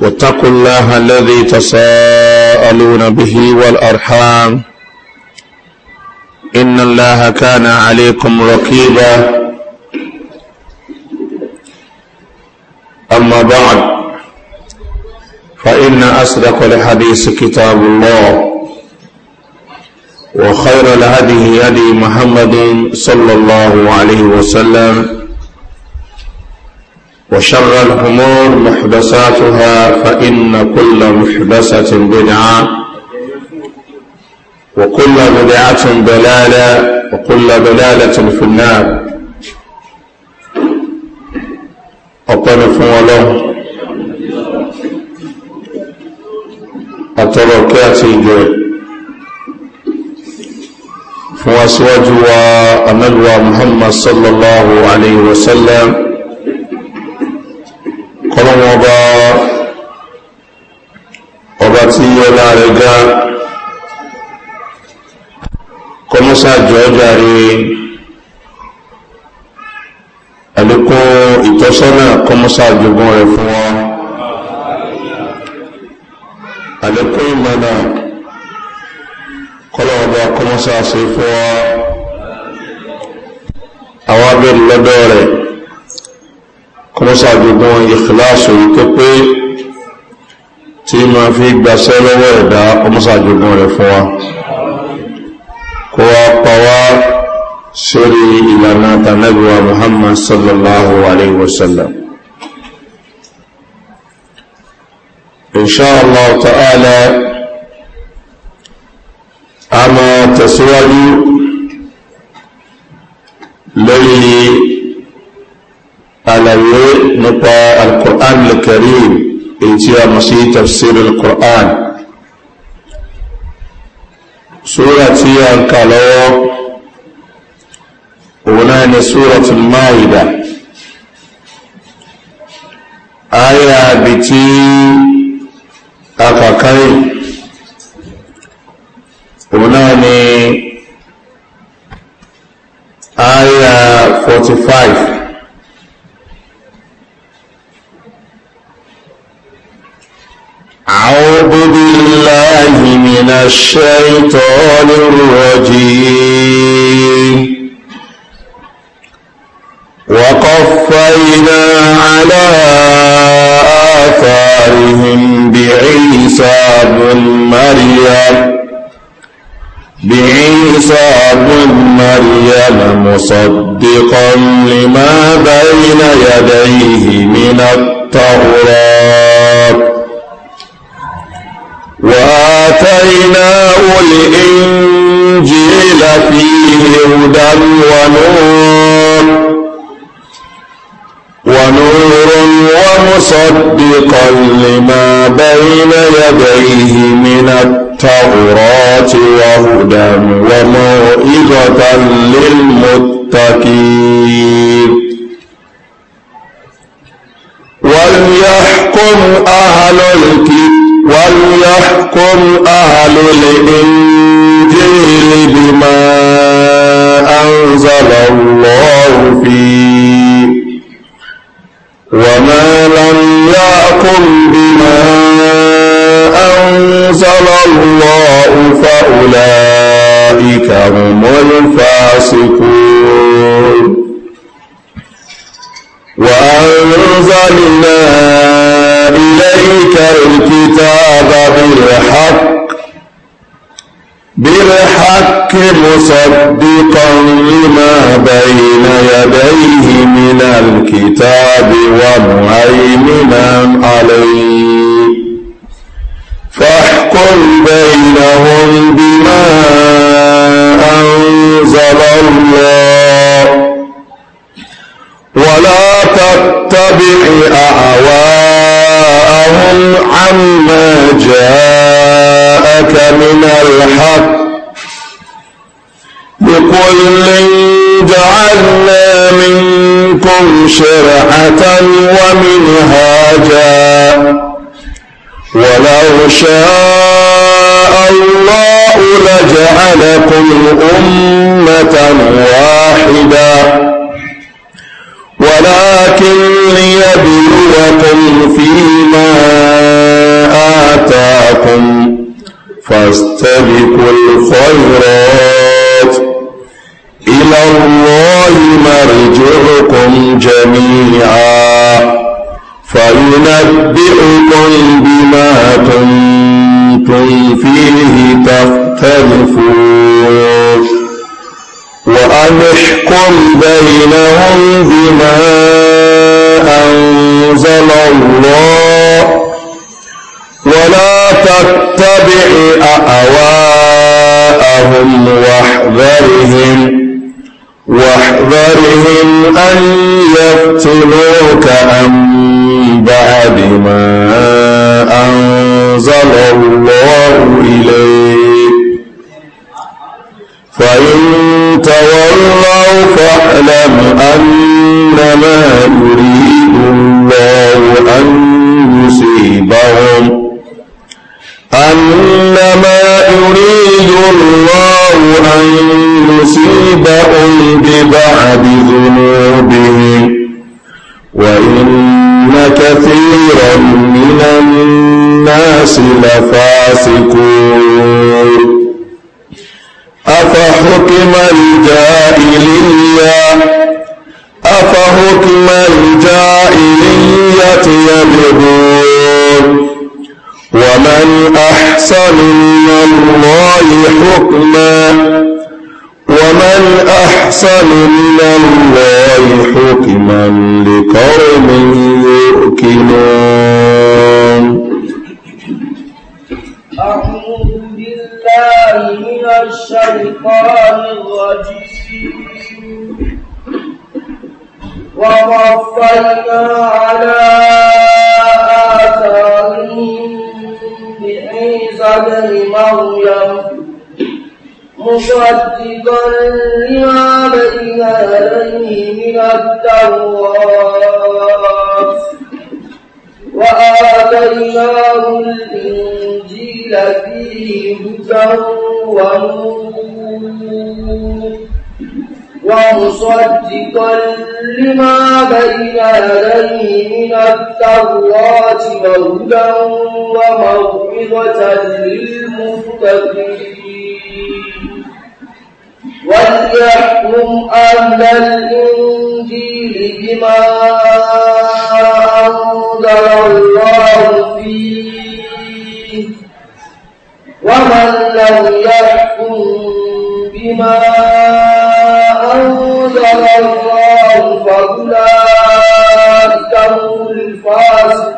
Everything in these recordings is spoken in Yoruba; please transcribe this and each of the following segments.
واتقوا الله الذي تساءلون به والأرحام إن الله كان عليكم رقيبا أما بعد فإن أصدق الحديث كتاب الله وخير الهدي هدي محمد صلى الله عليه وسلم وشر الأمور محدثاتها فإن كل محدثة بدعة وكل بدعة دلالة وكل دلالة في النار أقول فوالله أتركات الجوي فواسواج ونبوى محمد صلى الله عليه وسلم kọ́lọ́wọ́ ọba ọba tí ọlá rẹ̀ ga kọ́mọ́sá jọ́ọ́jà rẹ̀ àlékún ìtọ́sọ́nà kọ́mọ́sá jogún rẹ̀ fún wa àlékún ìmọ̀nà kọ́lọ́wọ́ ọba kọ́mọ́sá ṣe fún wa àwọn abẹ́rẹ́ lọ́dọ̀ rẹ̀ kọmọ́sá gbogbo ìkìláàsù wípé pé tí ma fi gbaṣẹ́ lọ́wọ́ ẹ̀dá kọmọ́sá gbogbo rẹ̀ fún wa kó wa pa wá sórí ìlànà tànàbíwa muhammad sallallahu alaihi wasallam inshallah ta'ala a ma tẹ̀síwájú lórí àlàyé nípa alkùrán lẹ́kẹ̀rìm èyí tí a mọ̀ sí tafsir alkùrán sóra tí a ń kà lọ́wọ́ òun náà ni sóra ti máìdá àyà bí tí a òun náà ni àyà 45 أعوذ بالله من الشيطان الرجيم وقفينا على آثارهم بعيسى بن مريم بعيسى بن مريم مصدقا لما بين يديه من التوراة وآتيناه الإنجيل فيه هدى ونور ونور ومصدقا لما بين يديه من التوراة وهدى وموعظة للمتقين وليحكم أهل الكتاب وليحكم أهل الإنجيل بما أنزل الله فيه وما لم يحكم بما أنزل الله فأولئك هم الفاسقون وأنزلنا إليك الكتاب بالحق بالحق مصدقا لما بين يديه من الكتاب ومهيمنا عليه فاحكم بينهم بما أنزل الله واتبع أعواءهم عما جاءك من الحق بكل جعلنا منكم شرعة ومنهاجا ولو شاء الله لجعلكم أمة واحدة ولكن ليبلوكم فيما آتاكم فاستبقوا الخيرات إلى الله مرجعكم جميعا فينبئكم بما كنتم فيه تختلفون وأن احكم بينهم بما أنزل الله ولا تتبع أهواءهم واحذرهم واحذرهم أن يفتنوك عن بعد ما أنزل الله إليك فإن تولوا فاعلم أنما يريد الله أن يصيبهم أنما يريد الله أن يصيبهم ببعض ذنوبهم وإن كثيرا من الناس لفاسقون أفحكم الجاهلية أفحكم الجاهلية يبغون ومن أحسن من الله حكما ومن أحسن من الله حكما لقوم يؤكلون أعوذ بالله من الشيطان الرجيم ووفينا على آثارهم بعيسى بن مريم مصدقا لما بين يديه من التوراة وآثار الله الإنجيل فيه هدى ونور ومصدقا لما بين يديه من التوراة وهدى وموعظة للمتقين وليحكم أهل الإنجيل بما أنزل الله فيه ومن لم يحكم بما أنزل الله فأولئك هم الفاسقون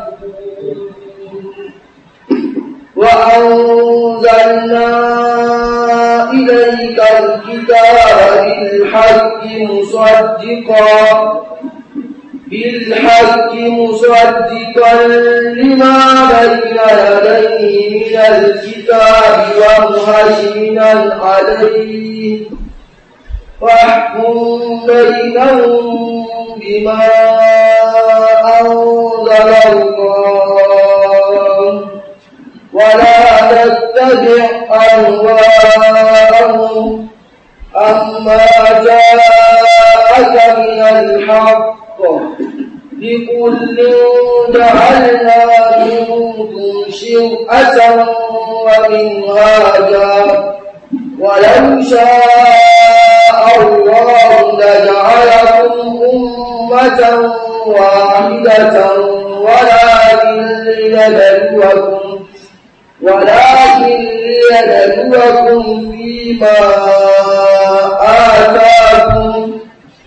وأنزلنا الكتاب بالحق مصدقا بالحق مصدقا لما بين يديه من الكتاب ومهيمنا عليه فاحكم بينهم بما أنزل الله ولا تتبع أهواءهم أما جاءك من الحق لكل جعلنا منكم شرعة ومنهاجا ولو شاء الله لجعلكم أمة واحدة ولكن لنبلوكم ولكن ليبلوكم فيما آتاكم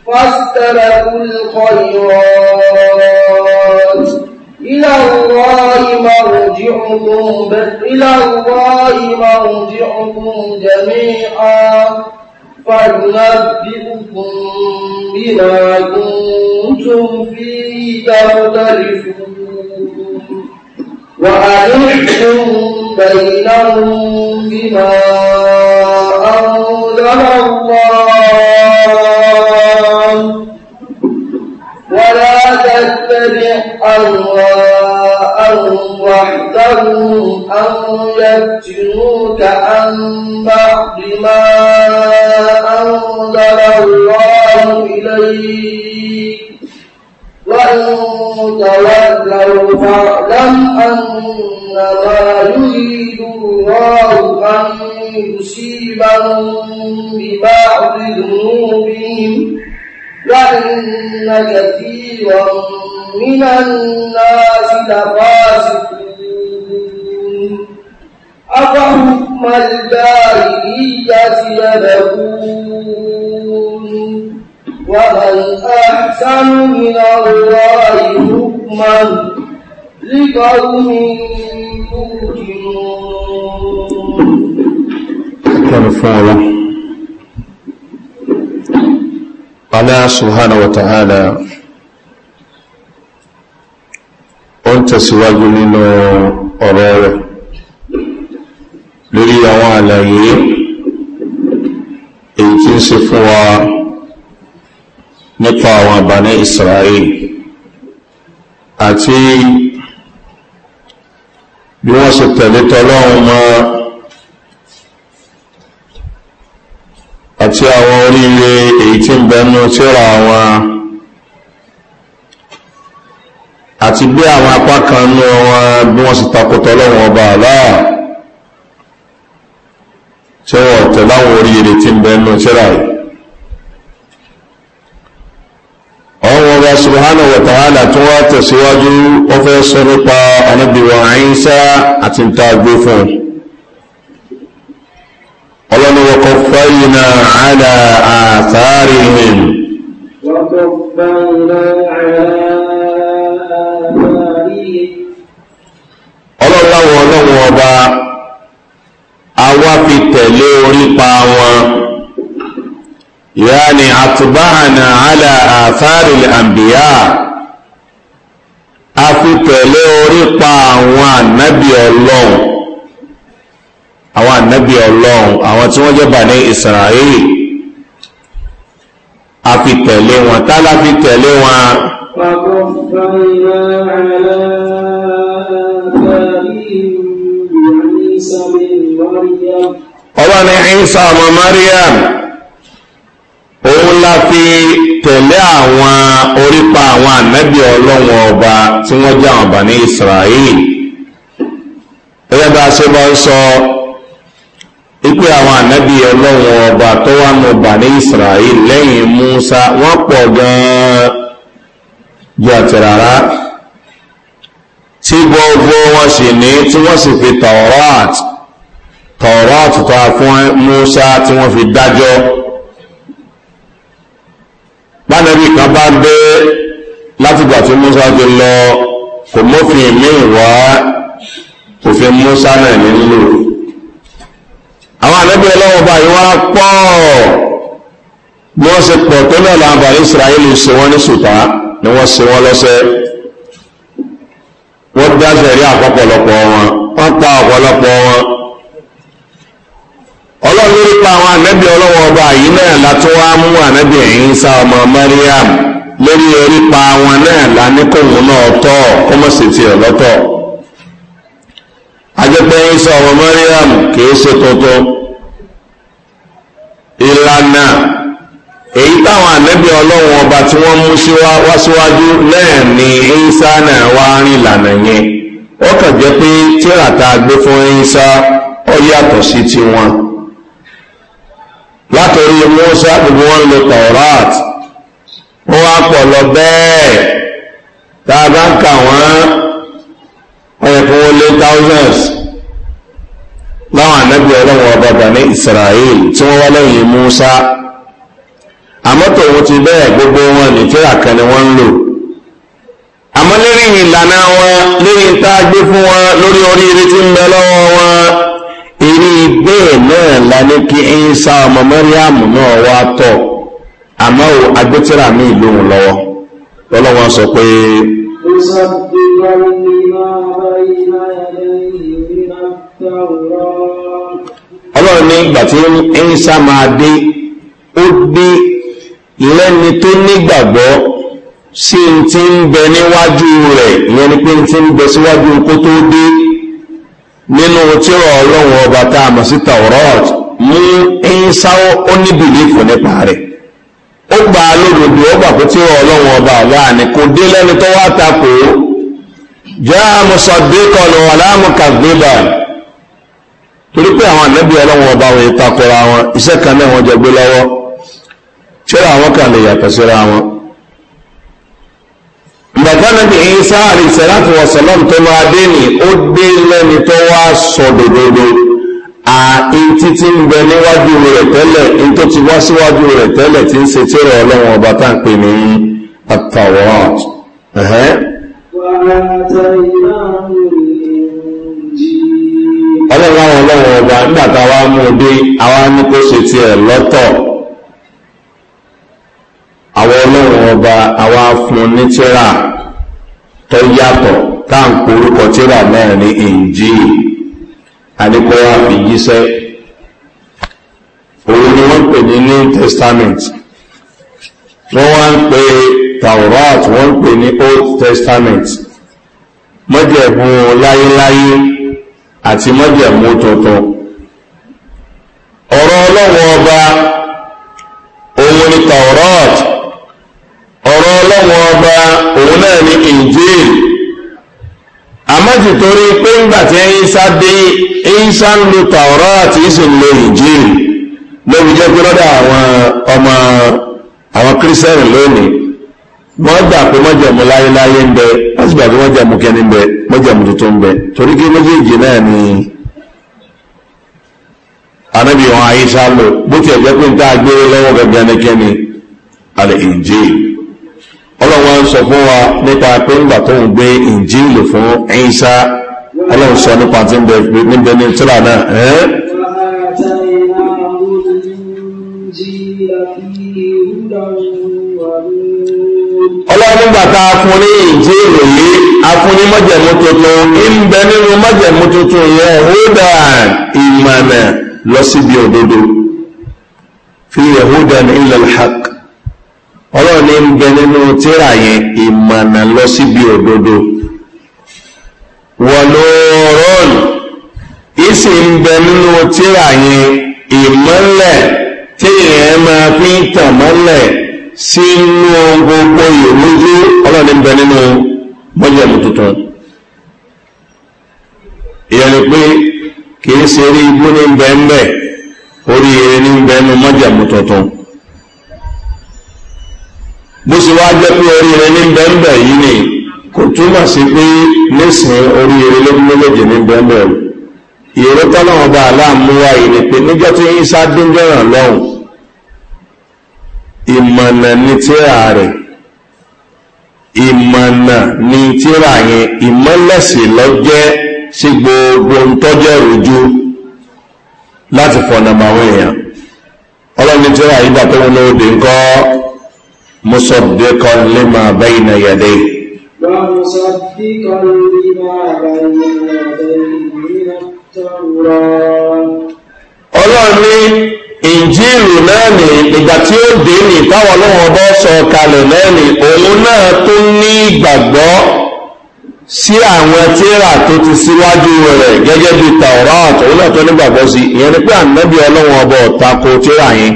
فاستبقوا الخيرات إلى الله مرجعكم إلى الله مرجعكم جميعا فينبئكم بما كنتم فيه تختلفون وأنحكم بينهم بما أنزل الله ولا تتبع أهواءهم واحذرهم أن يفتنوك عن بعض ما أنزل الله إليك تولوا فاعلم أنما يريد الله أن يصيبهم ببعض ذنوبهم وإن كثيرا من الناس لفاسقون أفحكم الجاهلية يبغون ومن أحسن من الله حكما لقوم يوقنون Allah subhanahu wa ta'ala ó ń tẹ̀síwájú nínú ọ̀rọ̀ rẹ̀ lórí àwọn àlàyé èyí tí ń wa nípa àwọn àbáni israel àti bí wọ́n ṣe tẹ̀lé tọ́lọ́run mọ́ àti àwọn oríire èyí tí ń bẹnu tíra wọn àti bí àwọn apá kan nú wọn bí wọ́n ṣe takò tọ́lọ́run ọba àláà tí wọ́n tẹ̀láwọn oríire tí ń bẹnu tíra yìí ọba subhanahu wa ta'ala tó wá tẹ̀síwájú ó fẹ́ sọ nípa ànábìwọ̀ àyínsá àti ìta gbé fún ọlọ́niwọ̀ kọ fẹ́yìnà àdà àtàrí ìhìn ọlọ́láwọ̀ ọlọ́wọ̀ ọba a wá fi tẹ̀lé orípa wọn yáni àtúbáhànà àlà àtàrí àǹbíyà a fi tẹ̀lé orí pa àwọn ànábì ọlọ́run àwọn ànábì ọlọ́run àwọn tí wọ́n jẹ́ bà ní israeli a fi tẹ̀lé wọn tálá fi tẹ̀lé wọn. ọlọ́ni Isa ọmọ Mariam òun la fi tẹ̀lé àwọn orípa àwọn ànábì ọlọ́run ọba tí wọ́n jẹ́ àwọn bàní israel gẹ́gẹ́ bá a ṣe bá ń sọ ipe àwọn ànábì ọlọ́run ọba tó wà nù bàní israel lẹ́yìn musa wọ́n pọ̀ gan-an ju àti tí gbogbo wọn sì ní tí wọ́n sì fi tọ̀rọ̀ àtọ̀rọ̀ àtútà fún musa tí wọ́n fi dájọ́ tánàbí kan bá dé látìgbà tí musa ti lọ kò mọ́fin míì wá òfin musa náà nílò àwọn ànábì ọlọ́wọ́ báyìí wá pọ̀ bí wọ́n ṣe pọ̀ tó náà làwọn àbàlẹ̀ israẹli ṣe wọ́n ní sùtá ni wọ́n ṣe wọ́n lọ́sẹ̀ wọ́n dá sẹ̀rí àpapọ̀lọpọ̀ wọn wọ́n pa ọ̀pọ̀lọpọ̀ wọn ọlọ́run nípa àwọn ànábì ọlọ́wọ́ ọba yìí náà látó wá mú ànábì ẹ̀yìn sá ọmọ Mariam lórí orípa àwọn náà láníkòwò náà tọ́ kó mọ̀ sí ti ọ̀lọ́tọ̀ ajẹ́pẹ́ ẹ̀yìn sá ọmọ Mariam kìí ṣe tuntun ìlànà èyí táwọn ànábì ọlọ́run ọba tí wọ́n mú wá síwájú náà ni ẹ̀yìn náà wá rìn ìlànà yẹn ó kàn jẹ́ pé tíra tá gbé fún ẹ̀yìn sá yàtọ̀ sí tiwọn látọ̀rí Mùsá gbogbo wọn lo taurat wọ́n wá pọ̀ lọ bẹ́ẹ̀ tá a bá ń kà wọ́n ọ̀yẹ̀kún wọn lé thousands láwọn ànábì ọlọ́run ọba bani Israel tí wọ́n wá lẹ́yìn Mùsá àmọ́ tòun ti bẹ́ẹ̀ gbogbo wọn ní tíra kan ni wọ́n ń lò àmọ́ lérí ìlànà wọn lérí tá a gbé fún wọn lórí oríire tí ń bẹ lọ́wọ́ wọn. torí bẹ́ẹ̀ náà la ní kí ẹ̀yìnsá ọmọ mẹ́ríàmù náà wá tọ̀ àmọ́ ò ní ìlú òun lọ́wọ́ lọ́lọ́wọ́ sọ pé ọlọ́run ní ìgbà tí ẹ̀yìnsá máa dé ó dé lẹ́ni tó nígbàgbọ́ sí ti ń bẹ níwájú rẹ̀ ìyẹn ni pé ti ń bẹ síwájú nínú tíra ọlọ́run ọba tá a mọ̀ sí taurat mú ìsáwọ́ ó ní bìlífù nípa rẹ̀ ó gba alódodo ó gbà pé tíra ọlọ́run ọba ọ̀la ni kò dé lẹ́ni tó wá takò ó jẹ́ àmùsọ̀dékọ̀ lọ aláàmùkàgbébà torí pé àwọn ànábì ọlọ́run ọba wọn ìtakora wọn iṣẹ́ kan náà wọ́n jẹ gbé lọ́wọ́ tíra àwọn kan lè yàtọ̀ síra wọn gbàgbọ́ nàbí Isa àlìsàlátù wọ̀sọ̀lọ́m tó máa dé ní ó dé lẹ́ni tó wá sọ dòdòdó à ìtí tí ń bẹ níwájú rẹ̀ tẹ́lẹ̀ in tó ti wá síwájú rẹ̀ tẹ́lẹ̀ tí ń ṣe rẹ̀ ọlọ́run ọba tá ń pè ní at ọlọ́run ọlọ́run ọba nígbà táwa mú un dé àwa ní kó ṣe tiẹ̀ lọ́tọ̀ àwọn ọlọ́run ọba àwa fún ní tíra tó yàtọ̀ táà ń porúkọ tíra náà ní ìjì àdíkọ́ fi yíṣẹ́ òun ni wọ́n pè ní new testament wọ́n wá ń pè taurat wọ́n pè ní old testament mọ́jẹ̀mú láyéláyé àti mọ́jẹ̀mú tuntun ọ̀rọ̀ ọlọ́run ọba òun ni taurat ọ̀rọ̀ ọlọ́wọ́ ọba òun náà ní injil àmọ́jì torí pé ńgbà tí dé ń lo tàọ̀rọ̀ àti ìsìn lo injil lóbi jẹ́ pé àwọn ọmọ àwọn kírísẹ́rì lónìí wọ́n gbà pé mọ́jẹ̀mú láyéláyé ń bẹ wọ́n sì gbà pé kẹ́ni a ọlọ́wọ́ ń sọ fún wa nípa pé ńgbà tó ń gbé ìjìnlẹ̀ fún ẹ̀yíṣá ọlọ́run sọ nípa tí ń bẹ ní tíra náà ẹ́ ọlọ́run nígbà tá a fún ní ìjìnlẹ̀ yìí a fún ní mọ́jẹ̀mú tuntun ń nínú mọ́jẹ̀mú ọlọ́run ní ń bẹ nínú tíra yẹn ìmọ̀nà lọ síbi òdodo wọ̀lọ́rọ́n ìsì ń bẹ nínú tíra yẹn ìmọ̀lẹ̀ tí ìyẹn máa fi ń tàn mọ́lẹ̀ sínú gbogbo ìrújú ọlọ́run ní ń bẹ nínú mọ́jẹ̀mú tuntun ìyẹn ni pé kì í ṣe eré igbó ní ń bẹ ń bẹ oríire ní ń bẹ nínú mọ́jẹ̀mú tuntun bó ṣe wá jẹ́ pé oríire ní bẹ́ẹ̀bẹ̀ yìí ni kò túmọ̀ sí pé nísìn oríire lógún méjèèjì ní bẹ́ẹ̀bẹ̀ ìró tọ́lọ́wọ́n bá aláàmúwá yìí ni pé níjọ́ tí yín sá dúnjọ́ràn lọ́hùn ìmọ̀nà ní tíra rẹ̀ ìmọ̀nà ní tíra yẹn ìmọ̀lẹ́sì lọ́jẹ́ sí gbogbo ń tọ́jẹ́ rojú láti fọ̀nà àwọn èèyàn ọlọ́ni tíra yìí gbà tó wọn lóde ńkọ́. مصدقا لما بين يديه ومصدقا لما بين يديه من التوراة ọlọ́run ní ìjírù náà ní ìgbà tí ó dé ní táwọn ọlọ́run ọba sọ kalẹ̀ náà ní òun náà tó ní ìgbàgbọ́ sí àwọn tíra tó ti síwájú rẹ̀ gẹ́gẹ́ bí tàwọn ọ̀rọ̀ àtọ̀wọ́n náà tó nígbàgbọ́ sí ìyẹn ni pé ànábì ọlọ́run ọba ọ̀tako tíra yẹn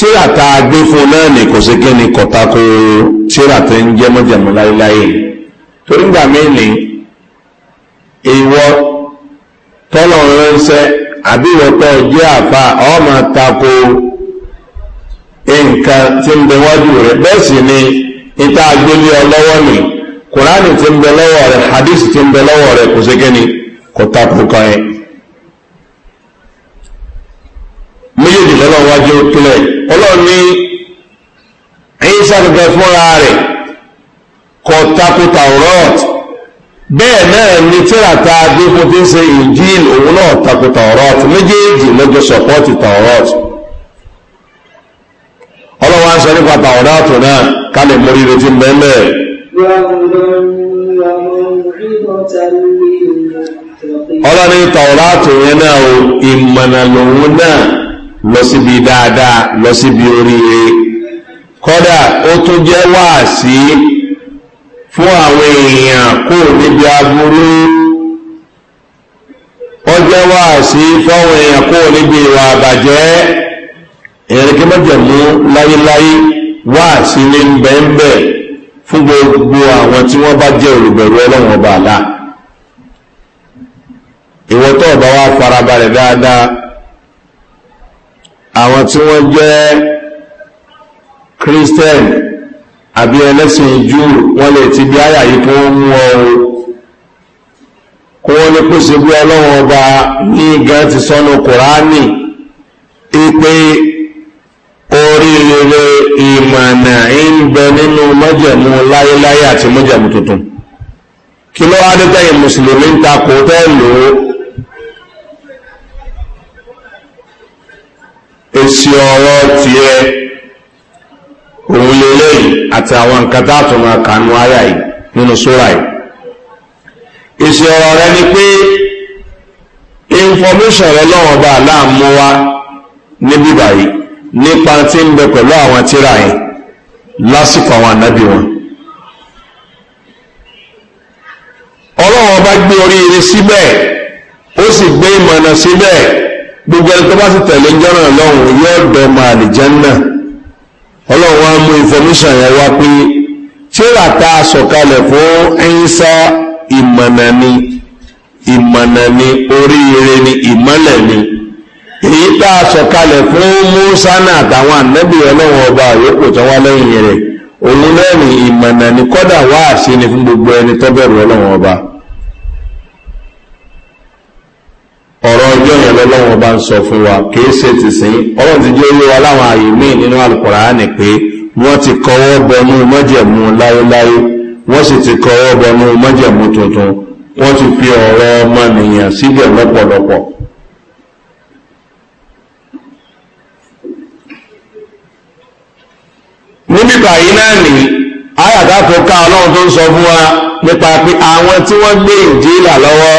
tíra tá a gbé fún náà ní kò sí kí ni kọ̀tà kó tíra tó ń jẹ́ mọ́jàmọ́ láéláé torí gbà mí ni ìwọ tọ́lọ̀ ránṣẹ́ àbí ìwọ tó jẹ́ àfa ọmọ tako nǹkan tí ń bẹ wájú rẹ bẹ́ẹ̀ sì ni ìta agbélé ọ lọ́wọ́ ni kùránì tí ń bẹ lọ́wọ́ rẹ hadith tí ń bẹ lọ́wọ́ rẹ kò sí kí ni kọ̀tà kan yẹn méjèèjì lọ́wọ́ kílẹ̀ ọlọ́run ní ẹ̀yìn sàgbẹ̀ fúnra rẹ̀ kọ takuta rọ́t bẹ́ẹ̀ náà ni tírata adéko tí ń ṣe ìjìn òun náà takuta rọ́t méjèèjì lọ́jọ́ sọ̀pọ́tì tàwọ́rọ́t ọlọ́wọ́ aṣọ nípa tàwọ́rọ́t náà kálẹ̀ mórí retí mẹ́mẹ́ ọlọ́ni tàwọ́rọ́t yẹn náà ìmọ̀nà lòun náà lọ síbi dáadáa lọ síbi oríire kọ́dà ó tún jẹ́ wáàsí fún àwọn èèyàn kó níbi aburú ó jẹ́ wáàsí fáwọn èèyàn kó níbi ìwà àbàjẹ́ ìrìnkí mọ́jẹ̀mú láyéláyé wáàsí ní bẹ́ẹ̀nbẹ́ fún gbogbo àwọn tí wọ́n bá jẹ́ olùbẹ̀rù ọlọ́run ọba àlá ìwọ́tọ̀ ọba wa farabalẹ̀ dáadáa àwọn tí wọ́n jẹ́ christian àbí ẹlẹ́sìn jù wọ́n lè ti bí àyà yìí kí wọ́n mú ọrùn kí wọ́n lè pèsè bí ọlọ́wọ́n ọba ní gan ti sọ́nù kùránì ipe oríire ìmọ̀nà ń bẹ nínú mọ́jẹ̀mú láyéláyé àti mọ́jẹ̀mú tuntun kí ló wá dé tẹ́yìn mùsùlùmí ń takò tẹ́ èsì ọ̀rọ̀ tiẹ̀ òun lélẹ́yìn àti àwọn nǹkan tá a tún máa kà nù ayà yìí nínú sóra yìí èsì ọ̀rọ̀ rẹ ni pé information rẹ lọ́wọ́ bá aláàmú wa níbí báyìí nípa tí ń bẹ pẹ̀lú àwọn tíra yìí lásìkò àwọn ànábì wọn ọlọ́wọ́ bá gbé oríire síbẹ̀ ó sì gbé ìmọ̀nà síbẹ̀ gbogbo ẹni tó bá sì tẹ̀lé jọ́nà lọ́hùn yóò dọ́mọ àlìjẹ́nà ọlọ́run á mú information yẹn wá pé tíra a sọ̀kalẹ̀ fún ẹ̀yìnsá ìmọ̀nà ni ìmọ̀nà ni oríire ni ìmọ̀lẹ̀ ni èyí tá a sọ̀kalẹ̀ fún musa náà àtàwọn ọba tó wá lẹ́yìn rẹ̀ òun náà gbogbo ẹni tó bẹ̀rù ọ̀rọ̀ ọjọ́ yẹn lọ́lọ́wọ́ bá ń sọ fún wa kìí ṣe ti sìn ọlọ́run ti jẹ́ orí wa láwọn ààyè míì nínú alukọ̀ránì pé wọ́n ti kọ́wọ́ bọnú mọ́jẹ̀mú láéláé wọ́n sì ti kọ́wọ́ bọnú mọ́jẹ̀mú tuntun wọ́n ti fi ọ̀rọ̀ ọmọnìyàn síbẹ̀ lọ́pọ̀lọpọ̀. níbi báyìí náà ní ayàtà tó ká ọlọ́run tó ń sọ fún wa nípa pé àwọn tí wọ́n gbé ìjìlá lọ́wọ́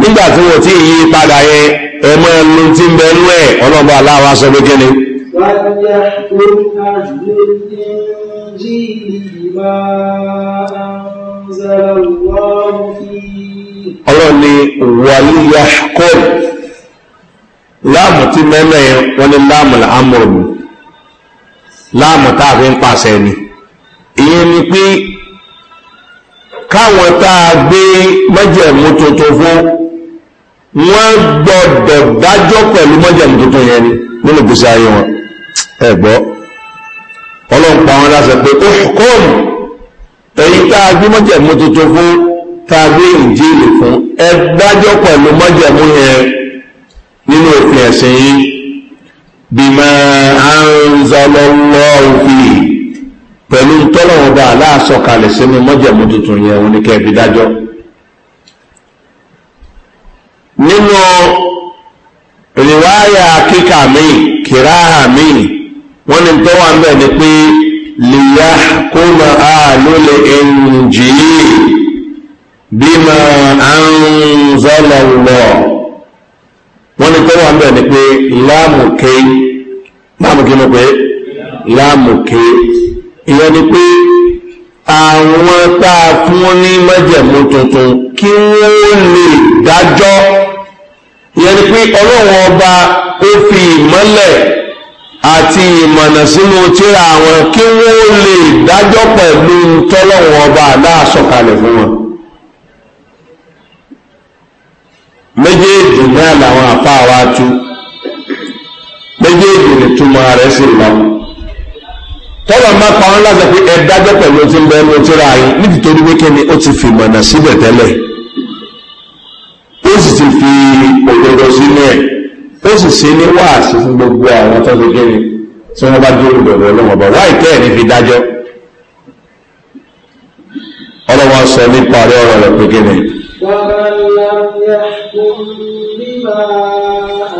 nígbà tí wọ́n ti yí padà yẹn ẹ̀mọ́ ẹnu tí ń bẹnu ẹ̀ ọlọ́gbà aláwa sọ pé kíni. ọlọ́run ni wàlíyà kọ́ọ̀lù láàmù tí mẹ́mẹ́ yẹn wọ́n ní láàmù àmọ̀rù láàmù tá a fi ń pàṣẹ ni ìyẹn ni pé káwọn tá a gbé mẹ́jẹ̀mú tuntun fún wọ́n gbọ́dọ̀ dájọ́ pẹ̀lú mọ́jẹ̀mú tuntun yẹn ni nínú gbèsè ayé wọn ẹ gbọ́ ọlọ́run pa wọn láṣẹ pé ó kọ́ọ̀mù èyí tá a gbé mọ́jẹ̀mú tuntun fún tá a gbé ìjíìlì fún ẹ dájọ́ pẹ̀lú mọ́jẹ̀mú yẹn nínú òfin ẹ̀sìn yìí bímọ anzọlọlọ òfin pẹ̀lú tọ́lọ́wọ́n sínú mọ́jẹ̀mú tuntun yẹn òun ni kẹ́ẹ̀ fi nínú rìwáyà kíkà míì kìráhà míì wọ́n ní tó wà ń bẹ̀ ni pé lìyá kó mọ àló lè ẹnjìlì bímọ àǹzọ́lọ̀lọ̀ wọ́n ní tó wà ń ni pé láàmùké láàmùké mọ̀ pé láàmùké ìyẹn ni pé àwọn tá a fún ní mọ́jẹ̀mú tuntun kí wọ́n lè dájọ́. ìyẹn ni pé ọba ó fi ìmọ́lẹ̀ àti ìmọ̀nà sínú tíra àwọn kí wọ́n lè dájọ́ pẹ̀lú tọ́lọ́run ọba aláàsọ̀kalẹ̀ fún wọn méjèèjì náà làwọn wa tú méjèèjì ni túmọ̀ rẹ̀ sì lọ tọ́lọ̀ pa wọn láti pé ẹ dájọ́ pẹ̀lú ni ó ti síbẹ̀ tẹ́lẹ̀ ó sì ti fi òdodo sínú ẹ̀ ó sì ṣe ní wáàsí fún gbogbo àwọn tó ṣe kí ni tí wọ́n bá dúró bẹ̀rẹ̀ ọlọ́wọ́ bá wáì tẹ́ ẹ̀ ní fi dájọ́ ọlọ́wọ́ sọ nípa ọ̀rẹ́ ọ̀rọ̀ rẹ̀ pé kí ni. ومن لم يحكم بما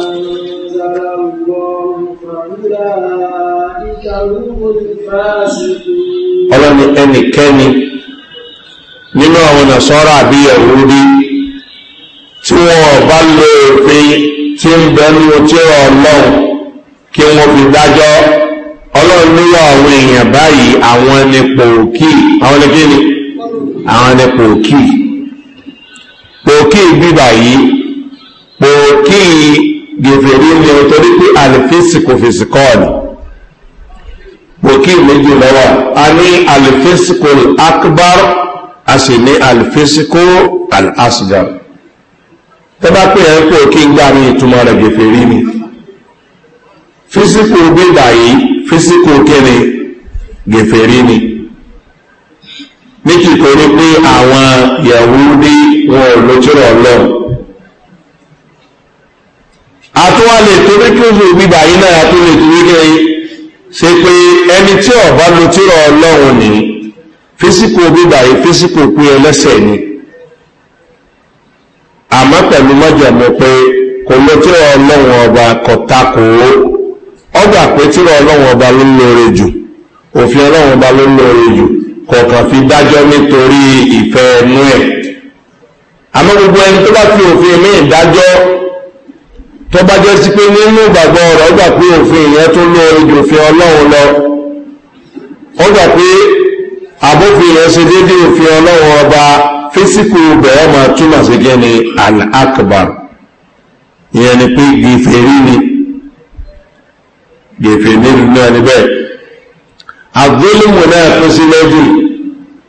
أنزل الله فأولئك هم الفاسقون. ọlọ́ni ẹnikẹ́ni nínú àwọn nàṣọ́rà àbí ẹ̀rú rí wọn bá lo òfin tí ń bẹnu tí ó ọlọ́run kí wọ́n fi dájọ́ ọlọ́run níwọ̀ àwọn èèyàn báyìí àwọn ni pòókì àwọn ni kíni àwọn ni pòókì pòókì bíbà yìí pòókì gèfèrí ni o torí pé àlìfísìkò fìsìkọ́ọ̀lì pòókì méjì lọ́wọ́ a ní àlìfísìkò akbar a sì ní àlìfísìkò al'asgar. Al tẹ́bá pé ẹ̀ ń pè kí n gbá mi ìtumọ̀ rẹ̀ gèfè rí mi físíkù bíbà yìí físíkù kíni gèfè rí mi ní kíkórí pé àwọn yahudi wọn ò lójúrò ọlọ́run àtúwà lè torí kí oṣù bíbà yìí náà tó lè torí kí ṣe pé ẹni tí ọba lójúrò ọlọ́run ní físíkù bíbà yìí físíkù pé ẹlẹ́sẹ̀ ni. Físíkò, àmọ́ pẹ̀lú mọ́jẹ̀mú pé kò lọ tí ọlọ́run ọba kọ̀tàkù ó ọgbà pé tí ọba ló ń lóore jù òfin ọlọ́run ọba ló ń lóore jù kọ̀ọ̀kan fi dájọ́ nítorí ìfẹ́ ẹnu ẹ̀ àmọ́ gbogbo ẹni tó bá fi òfin mí ìdájọ́ tó bá jẹ́ sí pé nínú ìgbàgbọ́ ọ̀rọ̀ ọgbà pé òfin ìyẹn tó lóore jù òfin ọlọ́run lọ ọgbà pé àbófin ìyẹn ṣe déédéé òfin físíkù bẹ̀rẹ̀ máa túmọ̀ sí kí ni al-akbar ìyẹn ni pé gèfèrí ni gèfèrí náà ni bẹ́ẹ̀ àgbélùmọ̀ náà pín sí méjì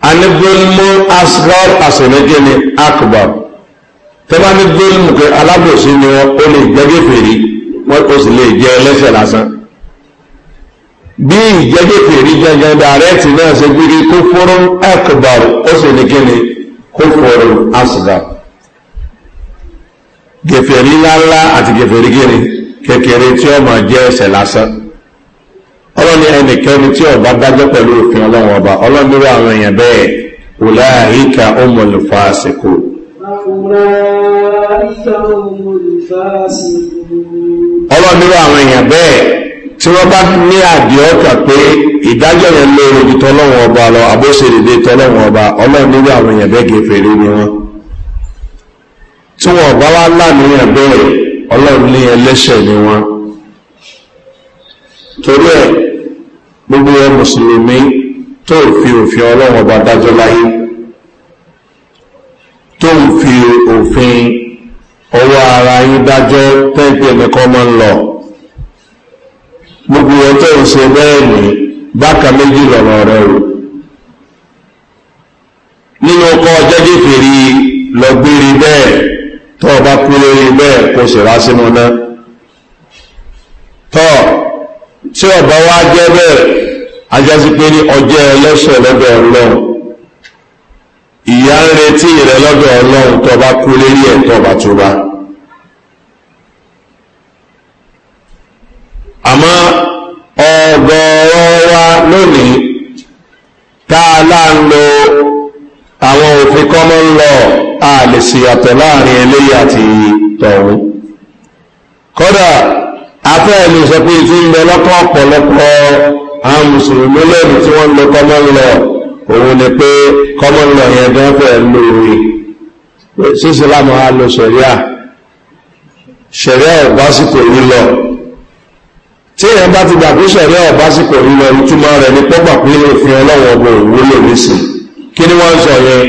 anigbélùmọ̀ asghar àsìnìkí ni akbar tẹ́lá ní gbélùmù pé alábòsí ni wọ́n ó lè jẹ́ gèfèrí wọ́n ó sì lè jẹ́ ẹlẹ́sẹ̀ lásán bí ìjẹ́gẹ̀fèrí gangan dàrẹ́tì náà ṣe gbére kó fúrún akbar ó sì ní kí ni kófòrò asùgbà gẹ̀fẹ̀rí ńláńlá àti Kekere, gírin kékeré tí ó jẹ jẹ́ ẹsẹ̀ lásán ọlọ́ni ẹnìkẹ́ni tí ọba dájọ́ pẹ̀lú òfin ọlọ́run ọba ọlọ́nirú àwọn èèyàn bẹ́ẹ̀ ọ̀là àríkà ọmọlù fàásìkò ọlọ́nirú àwọn èèyàn bẹẹ. tí wọ́n bá ní àdì ọkàn pé ìdájọ́ yẹn lé ojú tọ́lọ́wọ́n ọba lọ àbóṣèdèdè tọ́lọ́wọ́n ọba ọlọ́run nínú àwọn èèyàn bẹ́ẹ̀ gẹ̀fẹ̀rí ni wọ́n tí wọ́n bá wá láàmìyàn bẹ́ẹ̀ ọlọ́run ní ẹlẹ́ṣẹ̀ ni wọ́n torí ẹ̀ gbogbo ẹ mùsùlùmí tó fi òfin ọlọ́run ọba dájọ́ láyé tó fi òfin ọwọ́ ara yín dájọ́ tẹ́gbẹ̀ẹ́ nìkan máa ń lọ gbogbo ẹ̀ tó ń ṣe bẹ́ẹ̀ ní bákan méjì lọ́rọ̀ rẹ̀ o nínú ọkọ̀ jẹ́jẹ́ fèrè lọ gbére bẹ́ẹ̀ tó o bá kú lórí bẹ́ẹ̀ kó o sì rá sínú náà tọ́ tí ọba wa jẹ́ bẹ́ẹ̀ ajásí pé ní ọjọ́ ẹlẹ́sọ̀ lọ́dọ̀ ọlọ́run ìyá ń retí rẹ lọ́dọ̀ ọlọ́run tó o bá kú lórí ẹ̀ tó o bá tó bá. lo àwọn òfin common law a lè ṣìyàtọ̀ láàrin eléyìí àti tọ̀hún kódà afẹ́ lè sọ pé tí ń bẹ lọ́kọ̀ ọ̀pọ̀lọpọ̀ àwọn mùsùlùmí lẹ́nu tí wọ́n ń lo common law òun ni pé common law yẹn gan fẹ́ lóore sísè lámọ̀ á sẹ̀ríà sẹ̀ríà ò bá sì kò ní lọ tí èèyàn bá ti gbà pé sẹ̀rí ọ̀bá sì kò rí lọ ìtumọ̀ rẹ̀ ní pọ́gbà pé òfin ọlọ́wọ́ ọgbọ̀n òwúlò nísìn kí ni wọ́n sọ yẹn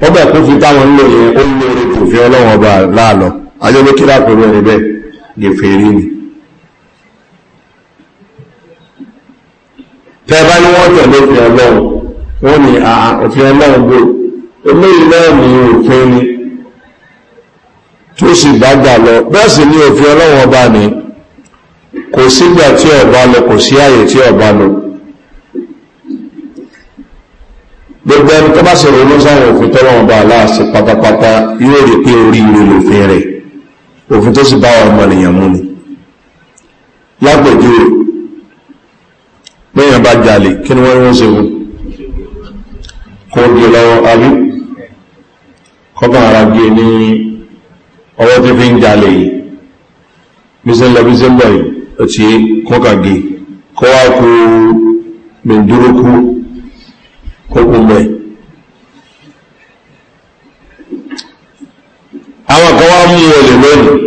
pọ́gbà pé fi táwọn ń lò yẹn ó ń lórí òfin ọlọ́wọ́ ọba láàlọ́ ajọ́lé kí lápẹ̀lú ẹni bẹ́ẹ̀ gèfè rí ni. tẹ́ẹ̀bá ni wọ́n tẹ̀lé òfin ọlọ́run wọ́n ní òfin ọlọ́run bò eléyìí náà ní òfin ni tó sì bá gbà lọ bẹ́ẹ̀ sì ní òfin ọlọ́run ọba ni kò sígbà tí ọba lọ kò sí ààyè tí ọba lọ gbogbo ẹni tó bá sì ronú sáwọn òfin tọ́lọ́ ọba aláàṣẹ pátápátá yóò rí pé oríire lòfin rẹ̀ òfin tó sì bá ọmọ ènìyàn mú ni lágbèjúwe lẹ́yìn bá jalè kí ni wọ́n rí wọ́n ṣe fún kò gé e lọ́wọ́ àbí kọ́kàn ara gé e ní ọwọ́ tí fi ń jalè yìí bí sí ń lọ bí sí ń bọ̀ yìí ọtí kọ́kàgé kọ́wá kó mẹ́ndúrókú kókùn mẹ́ àwọn kan wá mú olè lónìí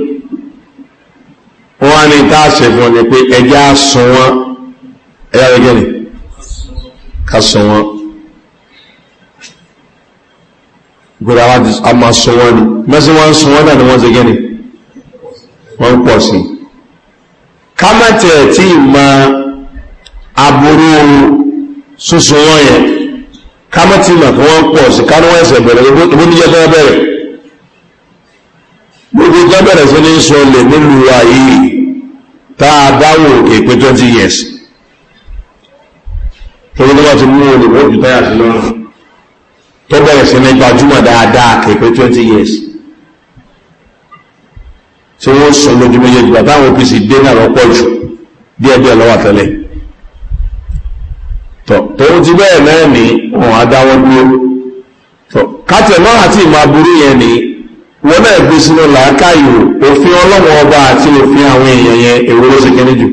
wọ́n á ní tá a ṣe fún ọ ní pé ẹjẹ́ á sọ wọ́n ẹ̀yà rẹ̀ gẹ́ni ká sọ wọ́n gbọ́dọ̀ a máa sọ wọ́n ni mẹ́sìn wọ́n sọ wọ́n náà ni wọ́n ti gẹ́ni wọ́n ń pọ̀ sí i kámẹ́tẹ̀ tí ma aburú súnsún wọ́n yẹn kámẹ́tì mà kí wọ́n pọ̀ sí kánú ẹsẹ̀ bẹ̀rẹ̀ ibi níjẹ́ fẹ́ bẹ̀rẹ̀ gbogbo ìjọ sí ní sọ lè nílùú wa yìí tá a dáwò èpè twenty years torí tó bá ti mú olùkọ́ jù táyà sí lọ́rùn tó bẹ̀rẹ̀ sí ní gbajúmọ̀ dáadáa èpè twenty years tí wọ́n sọ lójú méjèèjì bàbá àwọn OPC dé náà lọ́pọ̀ jù díẹ̀ díẹ̀ lọ́wọ́ àtẹ́lẹ̀ tòun ti bẹ́ẹ̀ náà ní wọn á dáwọ́ dúró kátẹ̀ náà àti ìmọ̀ aburú yẹn ni wọn náà gbé sínú làákàyò òfin ọlọ́wọ́ ọba àti òfin àwọn èèyàn yẹn èwo ló ṣe kéré jù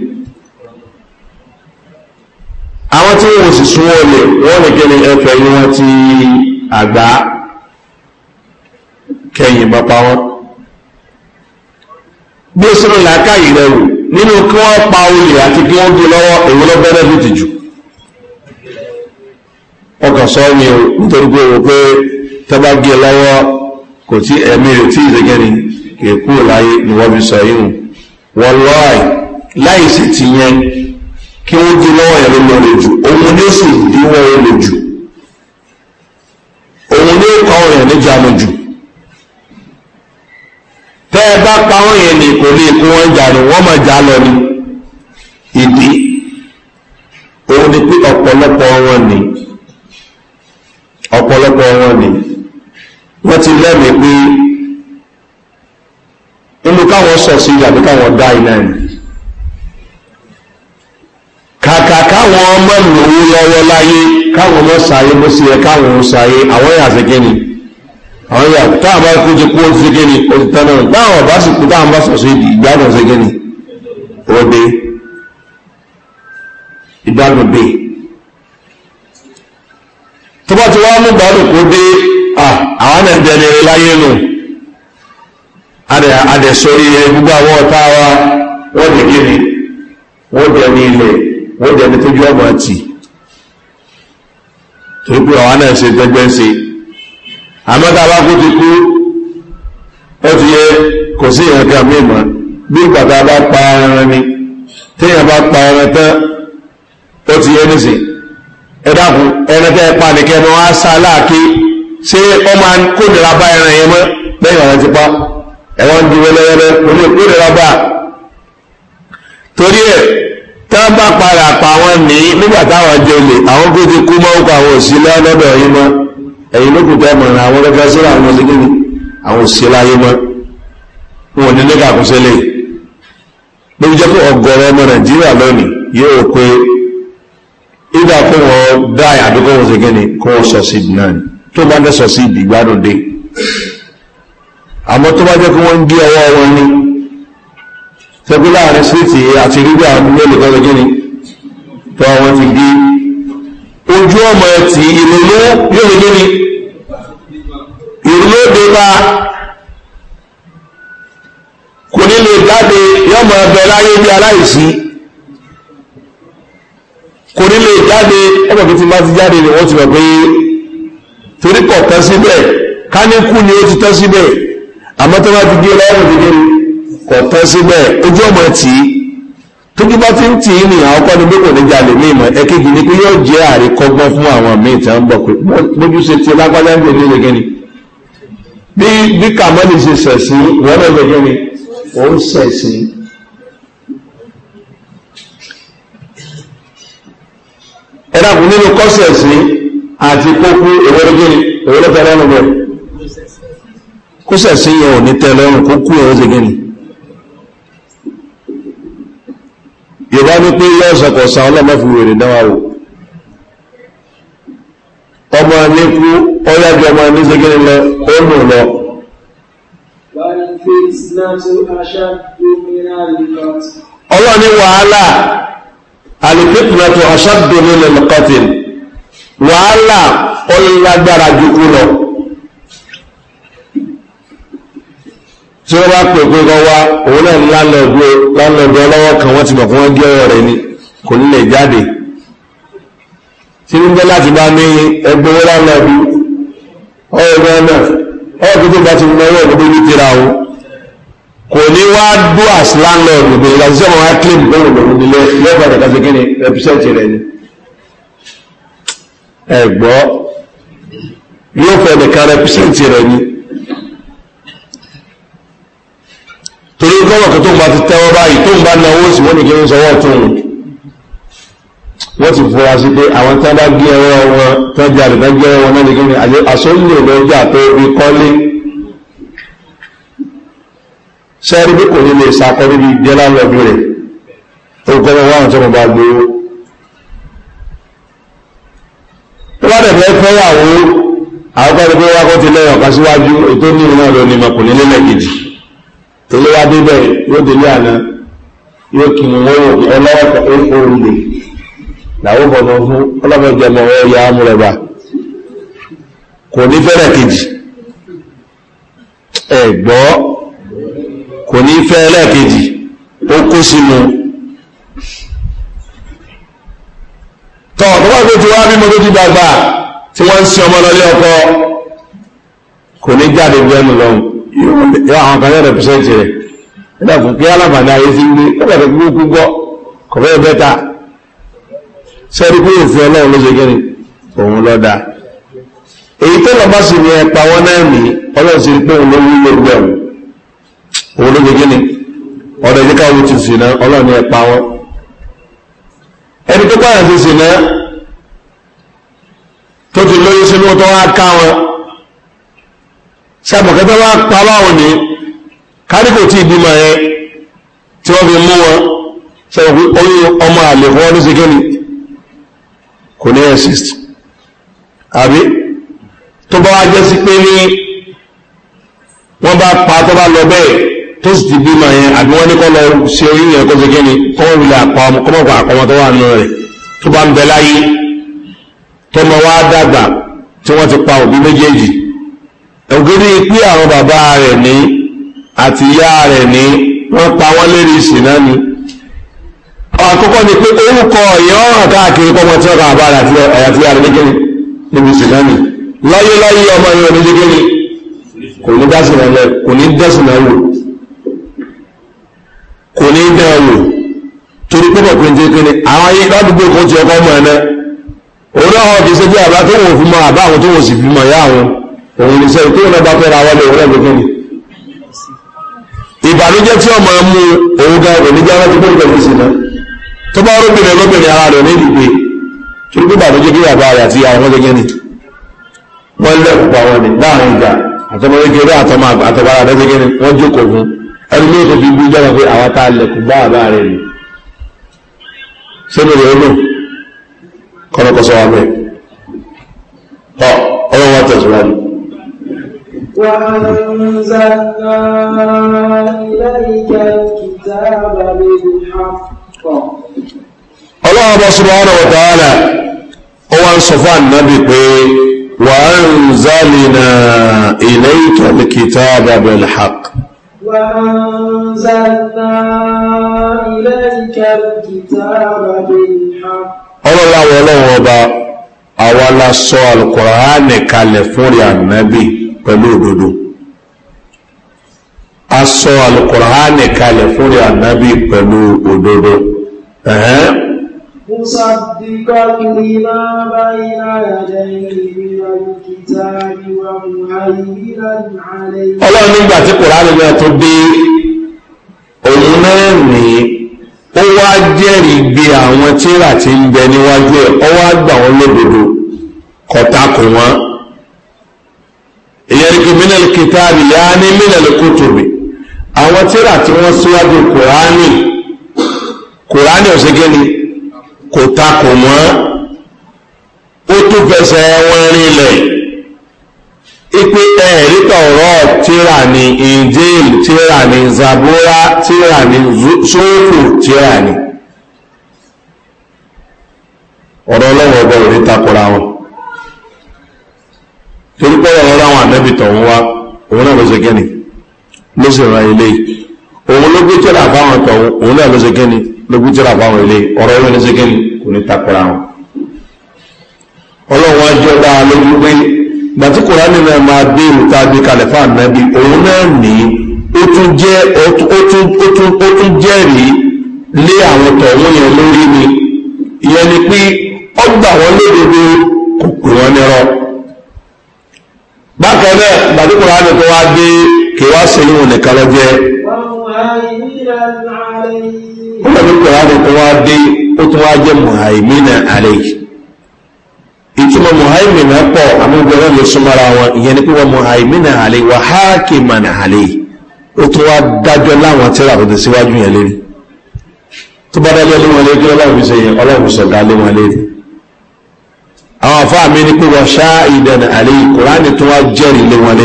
àwọn tí wọn ò sì sún wọlé wọn lè kéde ẹfẹ yìí wọn ti àgbá kẹyìn bàbá wọn gbé sínú làákàyè rẹ̀ wò nínú kí wọ́n pa olè àti kí wọ́n gbé lọ́wọ́ èwo ló bẹ́rẹ̀ bí ti jù ọkàn sọ ni o nítorí pé o pé tọ́ba gbé e lọ́wọ́ kò tí ẹ̀mí rẹ̀ tí ìṣẹ́gẹ́ni kì í kúrò láyé ni wọ́n fi sọ yìí wọ́n lọ́ọ̀ì láì sì ti yẹn kí wọ́n gbé e lọ́wọ́ yẹn ló lọ́ọ̀lẹ̀ jù òun ni ó sì díwọ́ olè jù òun ni ó kọ́ ọ̀yàn níjà lọ jù bá pa wọ́n yẹn ni kò lè kó wọ́n jà ní wọ́n máa jà lọ ni ìdí òun ni pé ọ̀pọ̀lọpọ̀ wọn ni ọ̀pọ̀lọpọ̀ wọn ni wọ́n ti lẹ́mìí pé nínú káwọn sọ̀ sí àbí káwọn dá iná ni kàkà káwọn ọmọ ìlú lọ́wọ́ láyé káwọn ọmọ sàyé bó ṣe yẹ káwọn ń sàyé àwọn yàtọ̀ kí ni. àwọn ìyàwó taa bá kó jẹ kó ti ṣe gẹ́ni ó ti bá sì kú táà bá sọ̀sọ̀ ìgbádùn ṣe gẹ́ni òde ìgbádùn dé tó bá ti wá mú gbádùn kó dé àwọn náà jẹ́ láyé nù adẹ̀sọ́rí gbogbo àwọn ọ̀tá wa wọ́n dẹ̀ gẹ́ni wọ́n dẹ̀ ní ilẹ̀ wọ́n dẹ̀ ní tójú àwọn àmọ́ tá a bá kó ti kú ó ti yẹ kò sí ìrìnkà mímọ́ bí gbàtà bá pa ẹran ni téèyàn bá pa ẹran tán ó ti yẹ nísìn ẹ dákun ẹran tẹ́ ẹ pa nìkẹ́ mọ́ á sá láàkí ṣé ọ máa ń kódìrá bá ẹran yẹn mọ́ lẹ́yìn ọ̀rẹ́ ti pa ẹ̀wọ̀n ju wẹ́lẹ́wẹ́lẹ́ kò ní kódìrá bá torí ẹ̀ tá a bá padà pa wọn ní nígbà táwọn jẹ olè àwọn kó ti kú mọ́ òkú àwọn òsì lọ́dọ̀ yìí mọ́ ẹ̀yìn ló kù tẹ́ mọ̀ràn àwọn gẹ́gẹ́ sílẹ̀ àwọn ọ̀sẹ̀ kíni àwọn òṣìṣẹ́ láyé mọ́ wọn ò ní nígbà kó sẹ́lẹ̀ lórí jẹ́ pé ọgọ́rọ̀ ọmọ nàìjíríà lónìí yóò pé ìgbà kó wọn dá àyàdó kó wọn ṣe kíni kó wọn sọ sí ìdì náà tó bá dẹ́ sọ sí ìdì gbádùn dé àmọ́ tó bá jẹ́ kó wọ́n ń gé ọwọ́ wọn ní sẹ́kú láàrin síìtì àti rí bí àwọn mélòó kọ́ ojú ọmọ ẹtì ìrònú yóò ní kí ni ìrònú dé bá kò ní lè jáde yọmọ ẹbẹ láyé bí aláìsí kò ní lè jáde ọmọ fi ti bá ti jáde ni wọ́n ti mọ̀ pé torí kọ̀ tán síbẹ̀ káníkù ni ó ti tán síbẹ̀ àmọ́ tó bá ti gé lọ́wọ́ ti kọ̀ tán síbẹ̀ ojú ọmọ ẹtì yìí tójú bá ti ń tì í nìyàn ọkọ ni bí kò ní jalè ní ìmọ̀ ẹ̀kejì ni pé yóò jẹ́ àríkọ́gbọ́n fún àwọn míì tí wọ́n ń bọ̀ pé mójú ṣe ti lágbájá ń gbèdé gẹ́gẹ́ni bí bí kàmọ́lì ṣe ṣẹ̀sí wọ́n náà gẹ́gẹ́ni ó ń ṣẹ̀sí. ẹ̀rọ àkùn nínú kọ́sẹ̀sì àti kókú èwe gẹ́gẹ́ni èwe lọ́tẹ̀ lọ́rùn bẹ́ẹ̀ kọ́sẹ̀sì yẹn ò ní tẹ́ lọ́rùn kókú èwe gẹ́gẹ́ni. yorùbá ní pé yọ́ sọ̀kọ̀ sa ọlọ́mọ fi wèrè dáwà ọmọ níkú ọyájú ọmọ ní sẹ́kẹ́rẹ́ lọ ó lọ ọlọ́ni wàhálà alìfitnatu aṣáàdùnmí lẹ́lẹ́kọ́tìn wàhálà ọlọ́lágbára jùkú lọ tí wọ́n bá pè pé kọ́ wá òun náà lálẹ́gbẹ́ lálẹ́gbẹ́ ọlọ́wọ́ kan wọ́n ti mọ̀ fún wọn dí ọ̀rọ̀ rẹ̀ ni kò ní lè jáde tí wípé láti bá ní ẹgbẹ́ wọn lálẹ́bí ọ̀rọ̀ náà ọ̀rọ̀ tó bá ti mọ ọwọ́ ìgbẹ́ ní tira o kò ní wá dú as landlord gbé láti sọ wọn á claim gbọ́dọ̀ gbọ́dọ̀ nílé lẹ́gbà kàkà sí kí ni represent rẹ̀ ni ẹ̀gbọ́ yóò fẹ́ nìkan represent rẹ̀ ni lọ́rọ̀ kan tó ń bá ti tẹ́wọ́ báyìí tó ń bá náwó sí wọ́n ní kí ń sọwọ́ tó ń wọ́n ti fura sí pé àwọn tí wọ́n bá gé ẹwọ́ wọn tó ń jáde tó ń gé ẹwọ́ náà ní kí ni àsọ́lù ló ń jà tó rí kọ́lé sẹ́rí bí kò ní lè sakọ́ níbi jẹ́ lálọ́dún rẹ̀ tó kọ́ wọn wọ́n tó ń bá gbowó tó bá dẹ̀ fẹ́ fẹ́ yàwó àwọn kọ́ ni pé wákọ́ ti tó ló wá débẹ̀ yóò délé àná yóò kí wọn wọ́n wọ̀ ọlọ́wọ́ kan ó kó olè làwọn bọ̀mọ̀ fún ọlọ́mọ ìjọba ọ̀rọ̀ ya amúrẹ̀bà kò ní fẹ́rẹ̀ kejì ẹ̀gbọ́ kò ní fẹ́rẹ̀ kejì ó kó sínú tọ́ tó wá gbé tí wá bímọ tó ti dàgbà tí wọ́n ń sin ọmọ lọlé ọkọ kò ní jáde gbẹ́nu lọ́hùn yóò àwọn kan yóò rẹpẹsẹ̀ntì rẹ̀ nígbà fún kí alábàáni ayé sí gbé ó bẹ̀rẹ̀ gbé kú gbọ́ kò fẹ́ bẹ́ta sẹ́rí pé òfin ọlọ́run ló ṣe kí ni òun lọ dáa èyí tó lọ bá sì ní ẹpa wọn náà ní ọlọ́run sì rí pé òun ló wí ló gbẹ̀ òun ló ṣe kí ẹni tó pààyàn ti náà tó ti lóyún sínú tó wá ká ṣàbọ̀kẹ́tẹ́ wá pa báwọn ní káríkò tí ìbímọ ẹ tí wọ́n fi mú wọn ṣàbọ̀kẹ́ oyún ọmọ àlèkọ́ ní ṣe kéni kò ní exist àbí tó bá wá jẹ́ sí pé ní wọ́n bá pa tó bá lọ bẹ́ẹ̀ tó sì ti bímọ yẹn àbí wọ́n ní kọ́ lọ ṣe oyún yẹn kó ṣe kéni kọ́ wọ́n wulẹ̀ àpá àpamọ́ tó wà nù rẹ̀ tó bá ń bẹ láyé tó mọ wá dàgbà tí wọ́n ti pa òbí méjèèjì ògidì pé àwọn bàbá rẹ̀ ní àti ìyá rẹ̀ ní wọ́n pa wọ́n lérí ìṣìná ni àkọ́kọ́ ni pé orúkọ ìyẹn ọ̀ràn káàkiri pọ́mọ tí wọ́n kà bá àti àyàtìyá rẹ̀ nígbìn níbi ìṣìná ni láyé láyé ọmọ yẹn oníjẹ́gẹ́ ni kò ní dásìnà lẹ kò ní dásìnà wò kò ní dẹ́ wò torí pé bọ̀kùn jẹ́ kí ni àwọn ayé ládùúgbò kan ti ọkọ ọmọ ẹ̀ náà òun náà wọn kì í ṣe bí àbá tó wọn fi mọ àbá àwọn tó wọn sì fi mọ ìyá àwọn òun lè sẹ́yìn tó lọ́ba fẹ́ ra wọlé òun lẹ́gbẹ̀ẹ́ kẹ́lẹ̀ ìbànújẹ́ tí ọmọ mú òun gan oníjẹ́ wọn ti gbọ́dọ̀ fi sìnà tó bá rúbìnrin lóbìnrin ara rẹ̀ nílùú pé torí pé ìbànújẹ́ kí bàbá rẹ̀ àti àwọn ọmọdé kẹ́lẹ̀ wọ́n lẹ̀ púpọ̀ wọn ni láàrin ìgbà àtọmọdé kéré àtọmọdé rẹ̀ kẹ́lẹ̀ wọ́n jókòó fún ẹni ní ètò fi gbú jọ́nà pé àwọn tá a lẹ̀kùn bá ni sẹ́mi rẹ̀ ó lò kọ́nà tẹ̀síwájú ọlọ́wọ́ bá subhanahu wa ta'ala ó wá ń sọ fún ànábì pé wa anzalna ilayka al-kitaba bil-haqq wa anzalna ilayka al-kitaba bil-haqq ọba àwa la sọ al-Qur'ani fún rí ànábì pẹ̀lú òdodo a sọ alukùránì kalẹ̀ fún rẹ̀ ànábì pẹ̀lú òdodo ẹ̀hẹ́n مصدقا لما بين يديه من الكتاب ومهيمنا عليه ọlọ́run nígbà tí kòránì náà tó dé òun náà ní ó wá jẹ́rìí gbé àwọn tíra tí ń bẹ níwájú ẹ̀ ó gbà wọ́n lódodo kọ̀tà kò minal kitabi ya ni minal kutubi àwọn tíra tí wọ́n síwájú kùránì kùránì ọ̀sẹ̀gẹ́ ni kò takò mọ́ ó tún fẹsẹ̀ wọn rinlẹ̀ ipe ẹ̀rí tọ̀rọ̀ tíra ni injil tíra ni zabura tíra ni sóòfù tíra ni ọ̀rọ̀ ọlọ́wọ́ ọgbọ̀n rí takora wọn torí pé ọ̀rọ̀ àwọn ànábì tọ̀hún wá òun náà ló ṣe kẹ́ni ló sì ran ilé òun ló gbé tíra fáwọn tọ̀hún òun náà ló ṣe kẹ́ni ló gbé tíra fáwọn ilé ọ̀rọ̀ ìwé ló ṣe kẹ́ni kò ní takora wọn. ọlọ́run ajọ́ dá a lójú pé gbàtí kùránì náà máa gbé ìta gbé kalẹ̀ fún ànábì òun náà ní ó tún jẹ́rìí lé àwọn tọ̀hún yẹn lórí ni ìyẹn ni pé ọgbà wọn lódodo náà gbàdí kùránì tó wá dé kì wá sí ìwò nìkan lọ jẹ́ ó gbàdí kùránì tó wá dé ó tún wá jẹ́ muhaimina alayhi ìtumọ̀ muhaimina pọ̀ amúgbẹ̀rẹ̀ lè súnmọ́ra wọn ìyẹn ni pé wọ́n muhaimina alayhi wa hakiman alayhi ó tún wá dájọ́ láwọn tíra tó ti síwájú yẹn lérí tó bá dájọ́ lé wọn lérí kí ọlọ́run fi ṣe yẹn ọlọ́run sọ̀gá lé wọn lérí àwọn afọ àmì ni pé wọ́n ṣá ìdẹ̀nà àlẹ́ ìkùránì tó wá jẹ́rìí lé wọn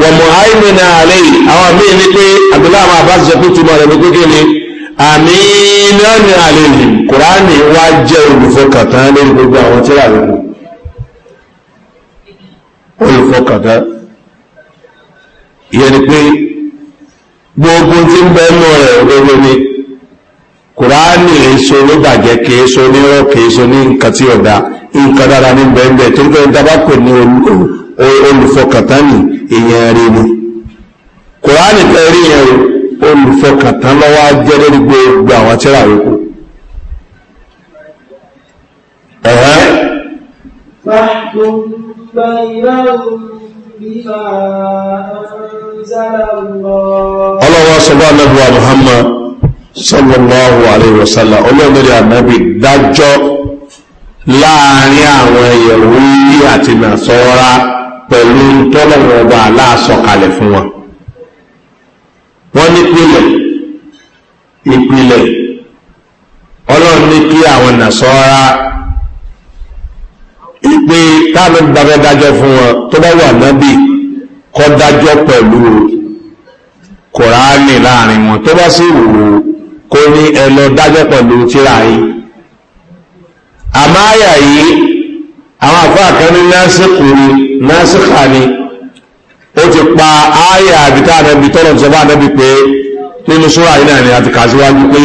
wọ́n mọ̀ na àlẹ́ àwọn àmì ni pé abdullahi abbas sọ pé túbọ̀ rẹ̀ gbogbo kéde àmì náà ní àlẹ́ yìí kùránì wá jẹ́ olùfọkàntán lórí gbogbo àwọn tí ra lóko olùfọkàntán ìyẹn ni gbogbo tí ń bẹ́ẹ̀ mọ́ rẹ̀ gbogbo ni. kùránì èso ló bàjẹ́ kì í so ní ọ̀rọ̀ kì í so ní nǹkan tí ọ̀dà nǹkan dára ní bẹ́ẹ̀ tó ń gbé dábàkù ní olùfọkàntánì èèyàn rí ni kùránì tẹ́ rí yẹn olùfọkàntán lọ́wọ́ á jẹ́ gbogbo àwọn tíra yòókù ọlọ́wọ́ sọ bá lẹ́bùwà Muhammad sọ́lọ́lọ́wọ́ àríwọ̀sálà olóòlórí ànábì dájọ́ láàrin àwọn ẹ̀yẹ̀wò yí àti nàṣọ́ra pẹ̀lú tọ́lọ̀wọ̀ ọba aláàsọ̀kalẹ̀ fún wọn wọ́n nípìnlẹ̀ ìpìlẹ̀ ọlọ́run ní kí àwọn nàṣọ́ra ìpè táàmì gbàgbẹ́ dájọ́ fún wọn tó bá wà nábì kọ́ dájọ́ pẹ̀lú kòránì láàrin wọn tó bá sì wò ó kó ní ẹlọ dájọ́ pẹ̀lú tíra yìí àmáyà yìí àwọn àfáà kan ní násìkò ni násìkà ni ó ti pa áyà àbítá ànábi tọ́lọ̀ tó bá ànábi pé nínú sóra yìí náà ni àti kàṣíwájú pé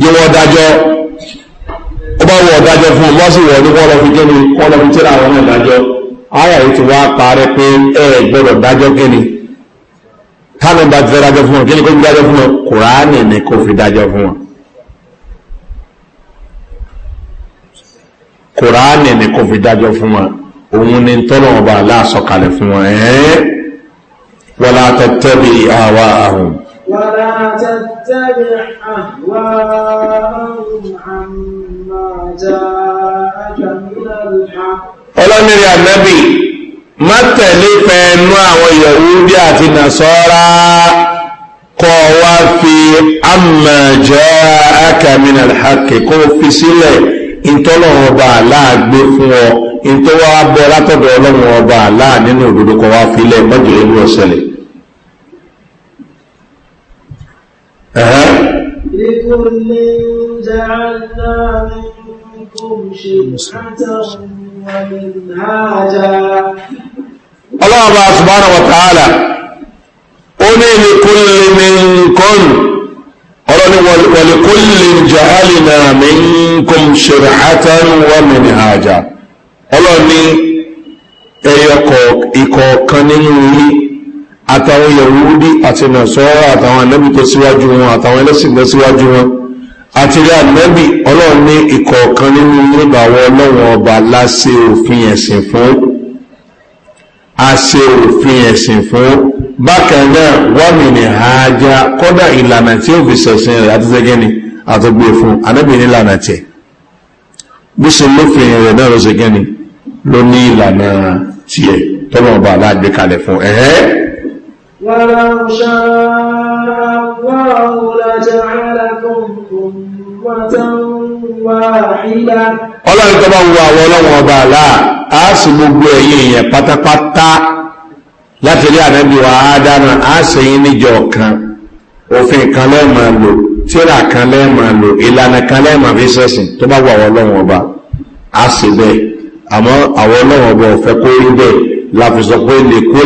yí wọ́n dájọ́ ó bá wọ̀ dájọ́ fún wọ́n sì wọ̀ ní wọ́n lọ fi kí ni wọ́n fi tíra àwọn náà dájọ́ áyà yìí ti wá parẹ́ pé ẹ dájọ́ kí táwọn bá ti fẹ́ dájọ́ fún wọn kí ni kó fi dájọ́ fún wọn kùránì ni kó fi dájọ́ fún wọn kùránì ni kó fi dájọ́ fún wọn òun ni tọ́lọ̀ ọba aláàsọ̀kalẹ̀ fún wọn ẹ̀ẹ́ wọ́n la tẹ́tẹ́ bí àwa àhùn. ولا تتبع أهواءهم ànábì má tẹ̀lé fẹ́ẹ̀nú àwọn yahudi àti nasọ́ra kọ́ wá fi amẹ̀jọ́ akamina alhaki kó fi sílẹ̀ ìtọ́lọ́wọ́ ọba aláàgbé fún ọ ìtọ́wọ́ abẹ́ látọ̀dọ̀ ọlọ́wọ́ ọba aláà nínú òdodo kọ́ wá filẹ̀ mọ́jọ́ ìlú ọ̀sẹ̀lẹ̀. لكل جعلنا منكم شرعة ọlọ́run bá subhanahu wa ta'ala ó ní li kulli minkum ọlọ́ni wa li kullin ja'alna minkum shir'atan wa minhaja ọlọ́ni ẹyọ ìkọ̀ọ̀kan nínú yìí àtàwọn yahudi àti nàṣọ́rọ̀ àtàwọn anábì síwájú wọn àtàwọn ẹlẹ́sìn tó síwájú wọn àti rí ànábì ọlọ́run ní ìkọ̀ọ̀kan nínú nígbà àwọn ọlọ́run ọba láṣẹ òfin ẹ̀sìn fún àṣẹ òfin ẹ̀sìn fún bákan náà wọ́n ní àájá kọ́dà ìlànà tí ó fi sẹ̀sìn rẹ̀ àti sẹ́gẹ́ni àtọ́gbé fún ànábì nílànà tẹ̀ bó ṣe lófin rẹ̀ náà ló sẹ́gẹ́ni ló ní ìlànà tiẹ̀ tọ́lọ́ ọba aláàgbé kalẹ̀ fún ẹ̀ẹ́. wàlá ń wàhùn ọlọ́run tó bá àwọn ọlọ́run ọba àlá a sì gbogbo ẹ̀yìn èèyàn pátápátá láti rí ànábì wa ádámà a sì yín níjọ kan òfin kan lẹ́ẹ̀mà lò tíra kan lẹ́ẹ̀mà lò ìlànà kan lẹ́ẹ̀mà fi sẹ́sìn tó bá wo àwọn ọlọ́run ọba a sì bẹ́ẹ̀ àmọ́ àwọn ọlọ́run ọba ò kó rí bẹ́ẹ̀ láfi sọ pé lè kó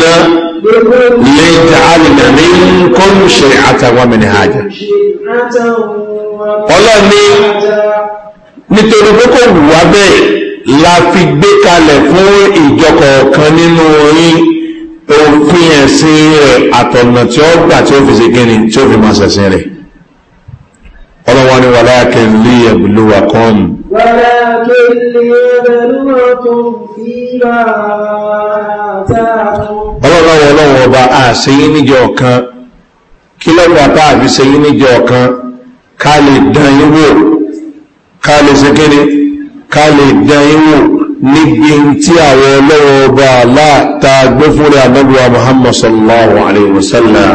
lè lẹ́jàálìnà ní kọ́nù ṣe àtàwọn mìíràn àjà ọlọ́ni nítorí pé kò wù wá bẹ́ẹ̀ la fi gbé kalẹ̀ fún ìjọkọ̀ọ̀kan nínú orin òfin ẹ̀sìn rẹ̀ àtọ̀nà tí ó gbà tí ó fi ṣe tí ó fi máa ṣẹ̀sìn rẹ̀ ọlọ́wọ́n ni wàláyà kẹ́lí ẹ̀bùlúwà kọ́ọ̀nù ولكن ليبلوكم فيما آتاكم ọlọ́run ọlọ́run ọba àṣeyín níjọ kan kí lọ́pàá bá àbí ṣeyín níjọ kan ká lè dán yín wò ká lè ṣe kíni ká lè dán yín wò níbi tí àwọn ọba aláàta gbé anábíwá muhammad sallallahu alayhi wa sallam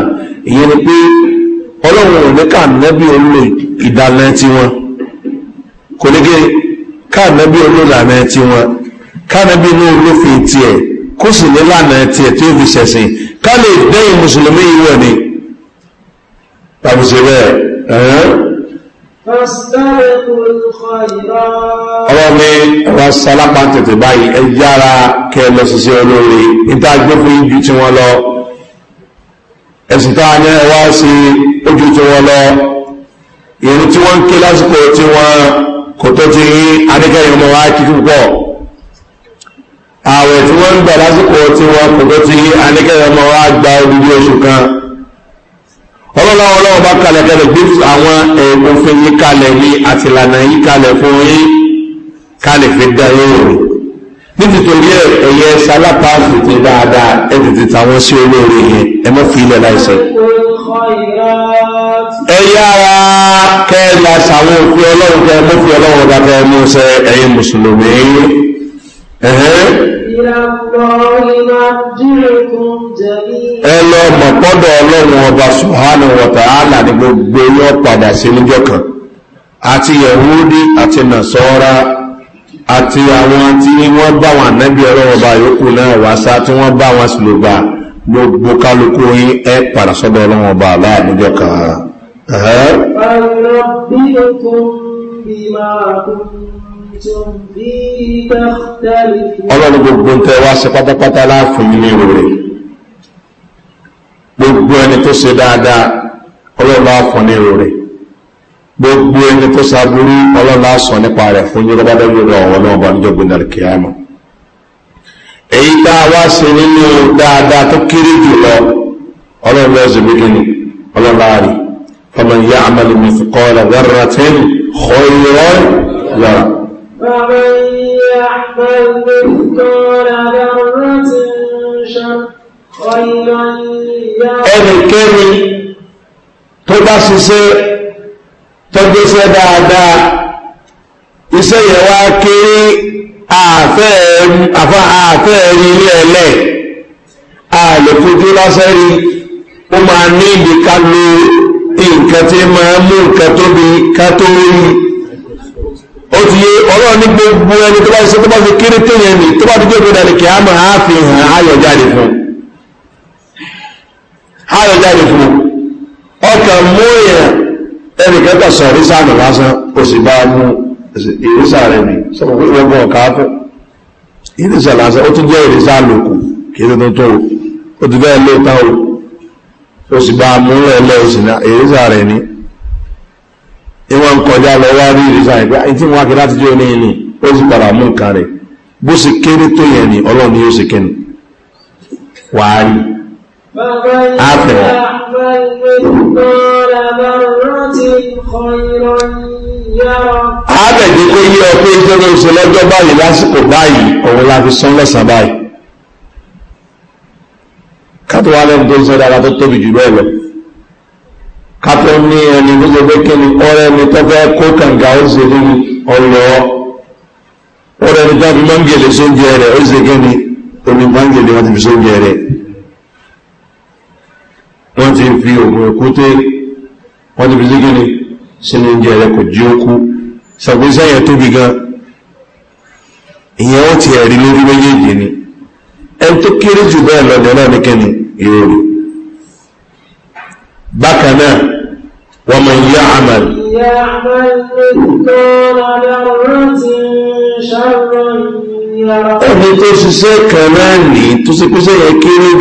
ìyẹn ni pé ò ní ká kò ní gé káànábí olólànà ti wọn káànábí ní olófin tiẹ̀ kó sì ní lànà tiẹ̀ tó fi ṣẹ̀sìn ká lè dẹ́yìn mùsùlùmí yìí wọ̀ ni tàbùsẹ̀ bẹ́ẹ̀ ọlọ́ni ẹ̀rọ sálápá tètè báyìí ẹ yára kẹ lọ sí olóore níta gbófin ju tí wọ́n lọ ẹ̀sìn táwọn ní ẹwà sí ojú tí wọ́n lọ ìrìn tí wọ́n ń ké lásìkò tí wọ́n kò tó ti rí adékẹ́yìn ọmọ wa kí púpọ̀ ààwẹ̀ tí wọ́n ń gbà lásìkò tí wọ́n kò tó ti rí adékẹ́yìn ọmọ wa gba olùdí oṣù kan ọlọ́lọ́wọ́ ọlọ́wọ́ bá kalẹ̀ kalẹ̀ gbé àwọn òfin yí kalẹ̀ ní àtìlànà yí kalẹ̀ fún yín kalẹ̀ fi dá yóò rí nítorí ẹ̀yẹ sálápá fìtì dáadáa ẹ tètè tàwọn sí olóore yẹn ẹ mọ́ fi ilẹ̀ láìsẹ̀. ẹ̀yà ara kẹ́ẹ̀lá sàwọn òfin ọlọ́run kẹ́ mú fi ọlọ́run ọba kẹ́ mú sẹ ẹ̀yìn mùsùlùmí ẹlọ mọ̀pọ́dọ̀ ọlọ́run ọba sùhánù wọ̀tàálà ní gbogbo yọ padà sí níjọ́ kan àti yẹ̀húdí àti nàṣọ́ra àti àwọn tí wọ́n bá wọn ànábì ọlọ́run ọba yòókù náà wá sá tí wọ́n bá wọn sùlùbà gbogbo kálukú yín ẹ padà sọ́dọ̀ ọlọ́run ọba aláàbíjọ́ kan. فأنبئكم بما كنتم فيه تختلفون ọlọ́run gbogbo tẹ wá sí pátápátá láàfin ilé rẹ̀ gbogbo ẹni tó ṣe dáadáa ọlọ́run láàfin ilé rẹ̀ gbogbo ẹni tó ṣàbúrú ọlọ́run láàsọ nípa rẹ̀ fún yín lọ́bàdàn yóò rọ ọ̀wọ́ náà bá níjọ́ gbẹ̀dẹ̀ kíámà èyí tá a wá ṣe nínú dáadáa tó kéré jù lọ ọlọ́run lọ́ọ́ ṣe bí kíni ọlọ́run láàrin فمن يعمل مثقال ذرة خيرا يرى فمن يعمل مثقال ذرة خيرا يرى ẹnikẹ́ni tó bá ṣiṣẹ́ tọ́gbẹ́sẹ́ dáadáa iṣẹ́ yẹn kéré àfẹ́ẹ̀rí ilé ẹlẹ́ àlòfojú lásẹ́rí ó máa ní ìdíkálórí nǹkan tí máa mú nǹkan tóbi ká tó rí ó ti yé ọlọ́run ní gbogbo ẹni tó bá ṣe tó bá ṣe kéré tó yẹn nì tó bá dúdú ìgbéda ni kì á mọ̀ á fi hàn ayọ̀ jáde fún ayọ̀ jáde fún ọkàn mú èèyàn ẹnìkan kan sọ ìrísà nù lásán ó sì bá mú ó sì bá múlẹ̀ lẹ́ẹ̀sìnà èrìsà rẹ̀ ní ìwọ̀n kọjá lọ wá rí èrìsà rẹ̀ pé àyí tí wọ́n á kí láti jẹ́ oní ìní ó sì padà mú nǹkan rẹ̀ bó sì kéré tó yẹn ni ọlọ́ni ó sì kẹ́nu wàá rí àfẹ́wọ̀ àbẹ̀dí pé yí ọ pé ìjọba ìṣẹ̀lẹ̀ ọjọ́ báyìí lásìkò báyìí òun la fi sán lọ́sàn-án báyìí kátó wá lẹ́nu tó ń sọ dára tó tóbi jù bẹ́ẹ̀ lọ kátó ní ẹni tó ṣe pé kí ni ọ̀rẹ́ mi tó fẹ́ kó kànga ó ṣe ní ọlọ ọ̀rẹ́ mi tó fi mọ́ngèlè sóúnjẹ rẹ̀ ó ṣe kí ni omi mọ́ngèlè wọn ti fi sóúnjẹ rẹ̀ wọ́n ti fi ògùn èkúté wọ́n ti fi sí kí ni sínú oúnjẹ rẹ̀ kò jí ó kú ṣàgbéṣẹ́ yẹn tóbi gan ìyẹn ó ti ẹ̀rí lórí méjèèjì ni ẹni tó kéré jù bẹ́ẹ̀ lọ nìyẹn náà ní kíni ìròyìn bákan náà wọ́n mọ̀ yá àmàlì. ẹni tó ṣiṣẹ́ kan náà ní tó ṣe kúṣẹ́ yẹn kéré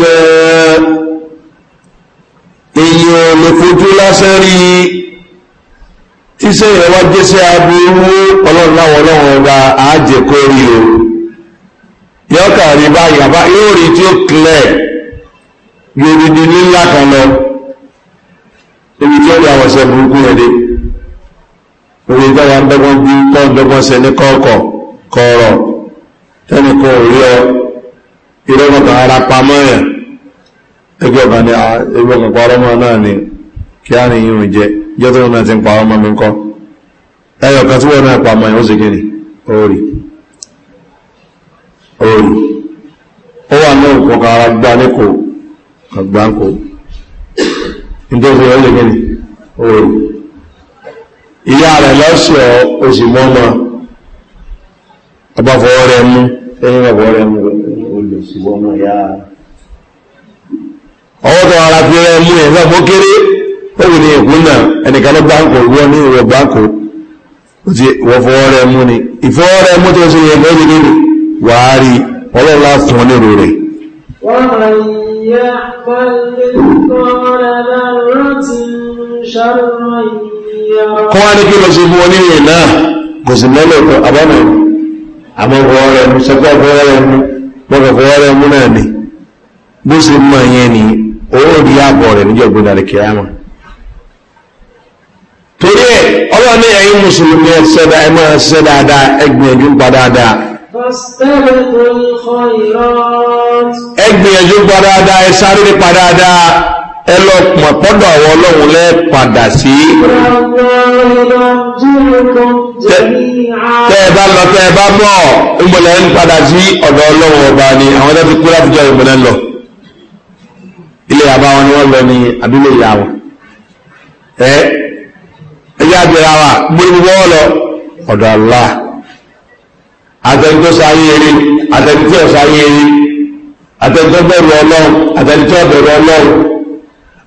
gan-an lè fojú lásán rí iṣẹ́ yẹn jẹ́ sí aburú ọlọ́run láwọn ọlọ́run ọba àájẹkọ́ rí o. yóò kàn rí báyìí yóò rí tí ó clear nílá kan ibi tí ó àwọn ṣe burúkú dé orí dọ́gbọ́n bí kọ́ dọ́gbọ́n ṣe ní ò rí ọ ara pamọ́ yẹn ẹgbẹ́ ọ̀gá ni ẹgbẹ́ ọ̀gá parọ́ mọ́ náà ni kí á ní irun jẹ jẹ́ náà ti ń parọ́ mọ́ mi kọ́ ẹyọ̀ kan tí wọ́n náà pamọ́ yẹn ó sì oyi ó wà ní òkú kan ara gbá níkò àgbáǹkò nítorí ó lè gẹ́ni oyi ìyá rẹ̀ lọ́sọ̀ oṣù mọ́mọ́ ọba fọwọ́ rẹ̀ mú ẹni ọ̀fọwọ́ rẹ̀ mú olùsùwọ́ mọ́ ìyá ọwọ́ tó ara fi rẹ̀ mú ẹ̀fẹ́ mọ́ kéré ó wù ní ìkú náà ẹnìkan wọ́n ní ìwọ̀ ó ti wọ́n fọwọ́ rẹ̀ mú ni ìfọwọ́ rẹ̀ mú tó ṣe yẹ wà á rí ọlọ́lá fún ọ lérò rẹ̀ kọ́ wá ní kí lọ sí fún ní ìyẹn náà kò sì mẹ́lẹ̀ ọ̀tọ̀ mú náà ni bó ṣe mọ̀ yẹn ni owó rí rẹ̀ níjọ́ kìíyàmọ̀ torí ẹ̀ mùsùlùmí ẹ gbìyànjú gba dáadáa ẹ sáré nípa dáadáa ẹ lọ pọ̀ pọ́dọ̀ àwọn ọlọ́run lẹ́ padà sí. tẹ́ ẹ bá lọ tẹ́ ẹ bá bọ̀ ìgbọ̀lẹ̀ ń padà sí ọ̀dọ̀ ọlọ́run ọba ni àwọn ẹ̀dá ti kú láti jọ ìgbọ̀lẹ̀ lọ ilé àbá wọn ni wọ́n lọ ní abúlé ìyá ẹ ẹ yá àgbẹ̀rẹ̀ wa gbogbo wọn lọ ọ̀dọ̀ Allah àtẹnudọ́ sáyé rí àtẹnudọ́ sáyé rí àtẹnudọ́ bẹ̀rù ọlọ́run àtẹnudọ́ bẹ̀rù ọlọ́run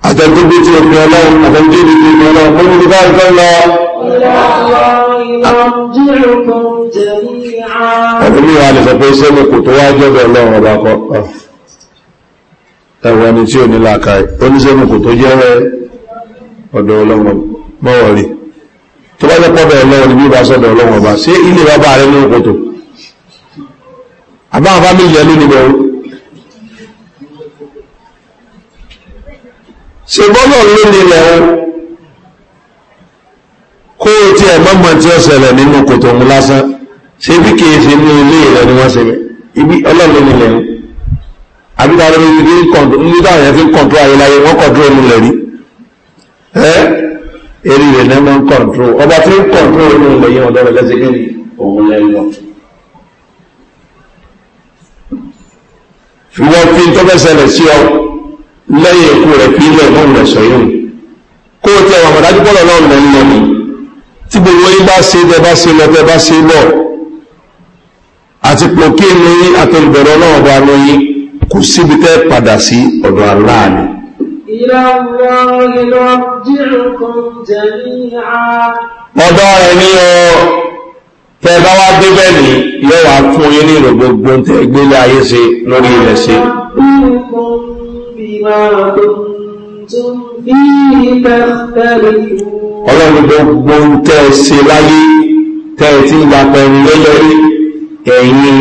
àtẹnudọ́ bí ti òfin ọlọ́run àtẹnudọ́ bí ti òfin ọlọ́run fún mi bá ń fẹ́ lọ. ọ̀dùnmí lè sọ pé sẹ́mi kò tó wá jọ́bẹ̀ ọlọ́run ọba kọ́ ẹ̀wọ̀n ni tí ò ní làákàyè ó ní sẹ́mi kò tó jẹ́ ọ̀dọ̀ ọlọ́run mọ́wọ́ rí tó bá jẹ́ pọ́bẹ̀ ọlọ́run ní bí bá sọ́dọ̀ àbáwọn fámìlì yẹn lónìí bẹ̀rù ṣe bọ́lọ̀ lónìí lẹ́wọ́ kó o tí ẹ̀ mọ́mọ́ tí ó ṣẹlẹ̀ nínú kòtò mú lásán ṣe bí kìí ṣe ní ilé rẹ̀ ni wọ́n ṣe bẹ̀ ibi ọlọ́run lónìí lẹ́wọ́ àbíta lórí ibi nígbà yẹn fi ń kọ̀ǹtró ayé láyé wọ́n kọ̀ǹtró ẹnu lẹ̀ rí ẹ́ eré rẹ̀ náà máa ń kọ̀ǹtró ọba tí ń kọ̀ǹtró ẹnu lẹ̀ yẹn ọ̀dọ́ rẹ̀ lẹ́sẹ̀ ni òun lẹ́yìn ọ̀tún ìwọ fi tó fẹ́ ṣẹlẹ̀ sí ọ lẹ́yìn ikú rẹ̀ fi ilẹ̀ mọ́ rẹ̀ sọ yìí kó o tẹ ọmọ dájú pọ́lọ̀ náà lọ lọ ni tí gbogbo yín bá ṣe tẹ bá ṣe lọ tẹ bá ṣe lọ àti pòkí ni yín àtẹnubẹ̀rẹ̀ náà wà lọ yín kò síbi tẹ́ padà sí ọ̀dọ̀ aláàánú. ọ̀dọ́ rẹ̀ ní ọ tẹ́ bá wá dé bẹ́ẹ̀ ní yóò wá fún yín ní ìrò gbogbo tẹ́ gbélé ayé ṣe lórí ilẹ̀ ṣe ọlọ́run gbogbo tẹ́ ṣe láyé tẹ́ tí ń gbapẹ̀ lórí ẹ̀yin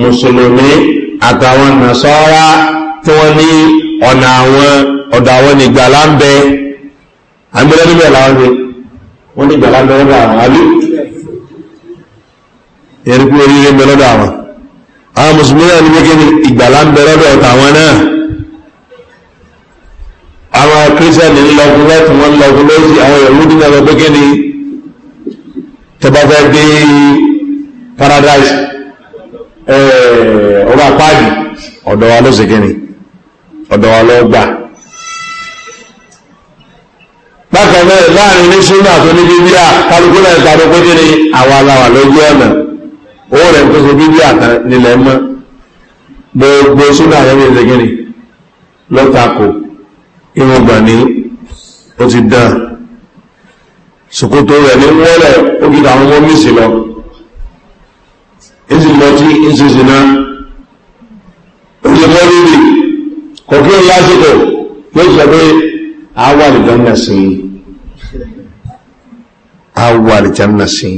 mùsùlùmí àtàwọn nàṣọ́rá tí wọ́n ní ọ̀nà àwọn ọ̀dọ̀ àwọn nìgbàlá ń àgbẹ̀lẹ́ níbẹ̀ làwọn ni wọ́n nìgbàlá ń bẹ àwọn àlú ẹ̀rí pé oríire ń bẹ lọ́dọ̀ àwọn àwọn mùsùlùmí náà ní pé kí ni ìgbàlá ń bẹ lọ́dọ̀ tàwọn náà àwọn kírísítẹ́nì ń lọ fún lẹ́tùn wọn lọ fún lọ́sí àwọn yahudi náà lọ pé kí ni dé paradise ọba páàdì ọ̀dọ̀ wa ló ṣe kí ni ọ̀dọ̀ wa ló gbà bákan náà láàrin ní súnmọ́ àtúndí bíbí à kálukú náà ń ta ló pé kí ni àwa aláwà lójú ọ̀nà ó rẹ̀ tó ṣe bí díà kan nílẹ̀ mọ́ gbogbo súnà àyẹ̀wò ìdẹ́gẹ́rì lọ́tàkù irun gbà ní ó ti dán ṣòkòtò rẹ̀ ní wọ́lẹ̀ ó kí àwọn ọmọ mí sí lọ èsì lọ tí ìṣèṣì náà ó lè mọ́ rírì kọ̀kí lásìkò yóò sọ pé àwàlì jẹ́ ń nà sí àwàlì jẹ́ ń nà sí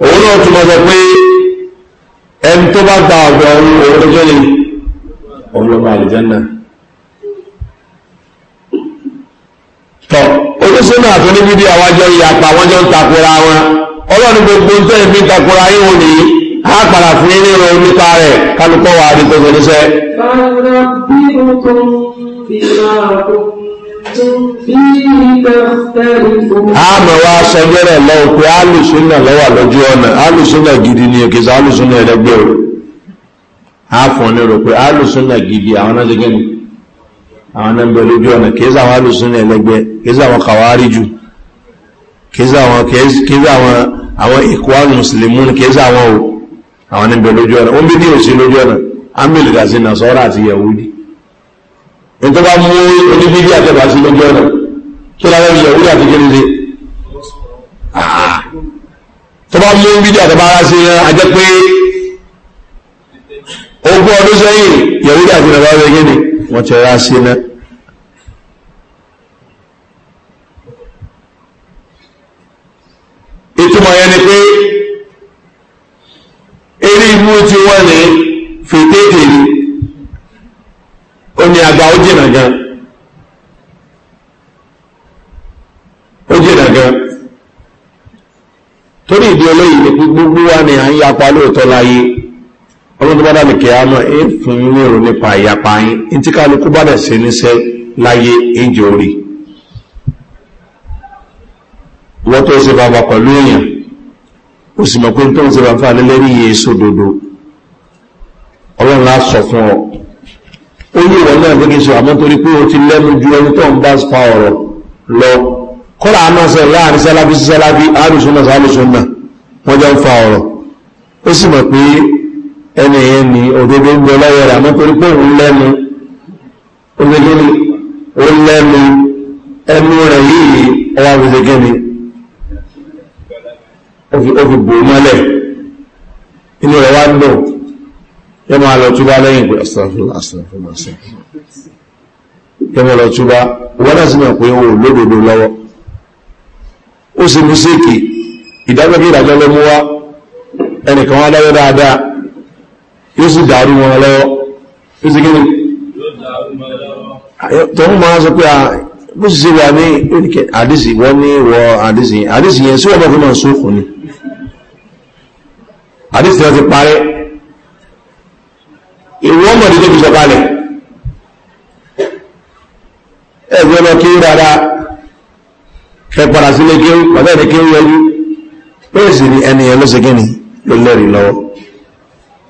òun náà túnmọ̀ sọ pé ẹni tó bá gba ọ̀dọ̀ ọ̀run òun tó òun tọ́ oníṣẹ́nà àwájọ wọ́n jọ ń takora wọn ọlọ́run gbogbo ń tẹ́ takora ní a fún yín nínú nípa rẹ̀ kálukọ́ wa àdìgbò bí o tó àmọ́ wa sọjọ́rọ̀ lọ́wọ́ pé alùsùnà lọ́wà lójú ọ̀nà alùsùnà gidi ni èkèsà alùsùnà ẹlẹ́gbẹ́ o àfọ̀n ní rò pé alùsùnà gidi àwọn náà jẹ́gẹ́ ni àwọn náà lójú ọ̀nà kéèsà àwọn alùsùnà ẹlẹ́gbẹ́ kéèsà àwọn kàwárí jù kéèsà àwọn ètò bá mú oníbíbí àtẹ̀bà sí lójú ọ̀nà kí láwọn ìyẹ̀ wúlò àti kí nílé tó bá mú bíbí àtẹ̀bà ara sí ajẹ́ pé ogún ọdún sẹ́yìn yẹ̀wúlò àti nàbà rẹ̀ gẹ́ni wọ́n ti rà sí náà ìtumọ̀ yẹn ni pé eré ibú ti wọ́n ní gan ó jìnà gan torí ìdí olóyìn ní gbogbo wa ni à ń yapa lóòótọ́ láyé ọlọ́dún bá dàbí kìámọ̀ ẹ fún yín èrò nípa ìyapa yín ní tí kálukú bá dẹ̀ sí níṣẹ́ láyé èjì orí wọ́n tó ṣe bàbá pẹ̀lú èèyàn ó sì mọ̀ pé tó ń ṣe bàbá nílé rí iye sódodo ọlọ́run á sọ fún ọ ó yí wọn náà gẹ́gẹ́ sọ àmọ́ torí pé o ti lẹ́nu ju ẹni tó ń bá fa ọ̀rọ̀ lọ kọ́lá amáṣẹ láàrin sálábí sí sálábí alùsùnà sálùsùnà wọ́n jọ ń fa ọ̀rọ̀ ó sì mọ̀ pé ẹni yẹn ni òdodo ń bẹ lọ́wọ́ rẹ̀ àmọ́ torí pé òun lẹ́nu òdodo ó lẹ́nu ẹnu rẹ̀ yìí ọwọ́ àgbèsè gẹ́ni ó fi bò mọ́lẹ̀ inú rẹ̀ wá ń dùn yẹ máa lọ túbá lẹ́yìn pé astagfirullah astagfirullah astagfirullah yẹ máa lọ túbá wọ́n láti mọ̀ pé òun lódodo lọ́wọ́ ó sì mú séèkì ìdájọ́ bí ìdájọ́ ló mú wá ẹnìkan wá lọ́wọ́ dáadáa yóò sì dàrú wọn lọ́wọ́ yóò sì kíni tọ́hún máa sọ pé ah, bó sì ṣe wà ní àdìsí wọ́n ní wọ àdìsí àdìsí yẹn sí wọ́n bá fi máa sókùn iwu mọ̀dé tó fi sọ̀kalẹ̀ ẹgbẹ́ kí ó rárá ẹ padà sílé kí ó bàbá ẹ̀rẹ́ kí ó yẹjú bẹ́ẹ̀ sì ni ẹni yẹn ló lẹ́rìí lọ́wọ́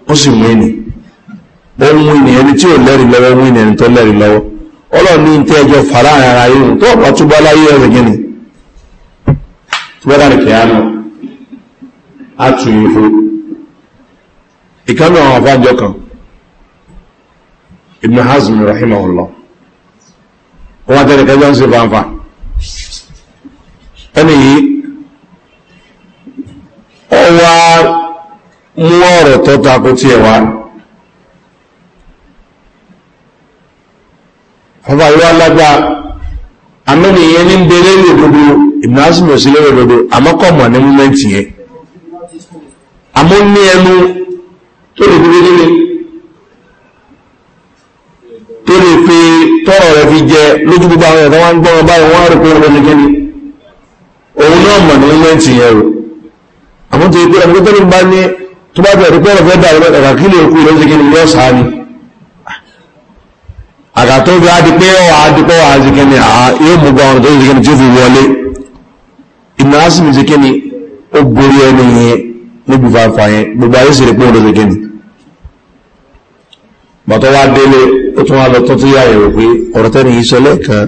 ó sì mú ẹni ó mú ẹni ẹni tí ò lẹ́rìí lọ́wọ́ mú ẹni tó lẹ́rìí lọ́wọ́ ọlọ́run ní tẹ́ ẹjọ́ fàrà ara yìí tó ọ̀pá túbọ̀ láyé ibn hazmi rahimahullah ó wá tẹ́lẹ̀ kẹjọ ń se fanfa ẹni yìí ó wá mú ọ̀rọ̀ tó takò tí ẹ wá ọba yóò alágbá amẹ́ni yẹn ní bẹ̀rẹ̀ ní gbogbo ibn hazmi ò sí lẹ́rẹ̀ gbogbo àmọ́kọ̀mọ̀ ní múmẹ́ntì yẹn àmọ́ ní ẹnu tó lè gbogbo nílé tọ́rọ̀ rẹ̀ fi jẹ lójú gbogbo àwọn ẹ̀tọ́ wá ń gbọ́n báyìí wọ́n rí pé ó ní kíni òun náà mọ̀ ní mẹ́ǹtì yẹn rò àmọ́ tó yẹ pé ẹ̀mí tẹ́lẹ̀ bá ní tó bá bẹ̀rẹ̀ pé ọ̀rọ̀ fẹ́ dà ọ̀rọ̀ ẹ̀ka kí lè kú lọ́sí kíni yọ sáà ni àgàtọ́ fi á di pé ọ̀ á di pé ọ̀ á di kíni à yóò mú gbọ́n tó yẹ kíni tí ó fi wọlé ìmọ̀ á sì mi ti ó borí ẹni yẹn níbi fàáfàá yẹn gbogbo ayé sì rí pé ó bàtọ́ wá délé tún wá lọ tó tó yáyẹ̀wò pé ọ̀rọ̀ tẹ́ni yìí sọ lẹ́ẹ̀kan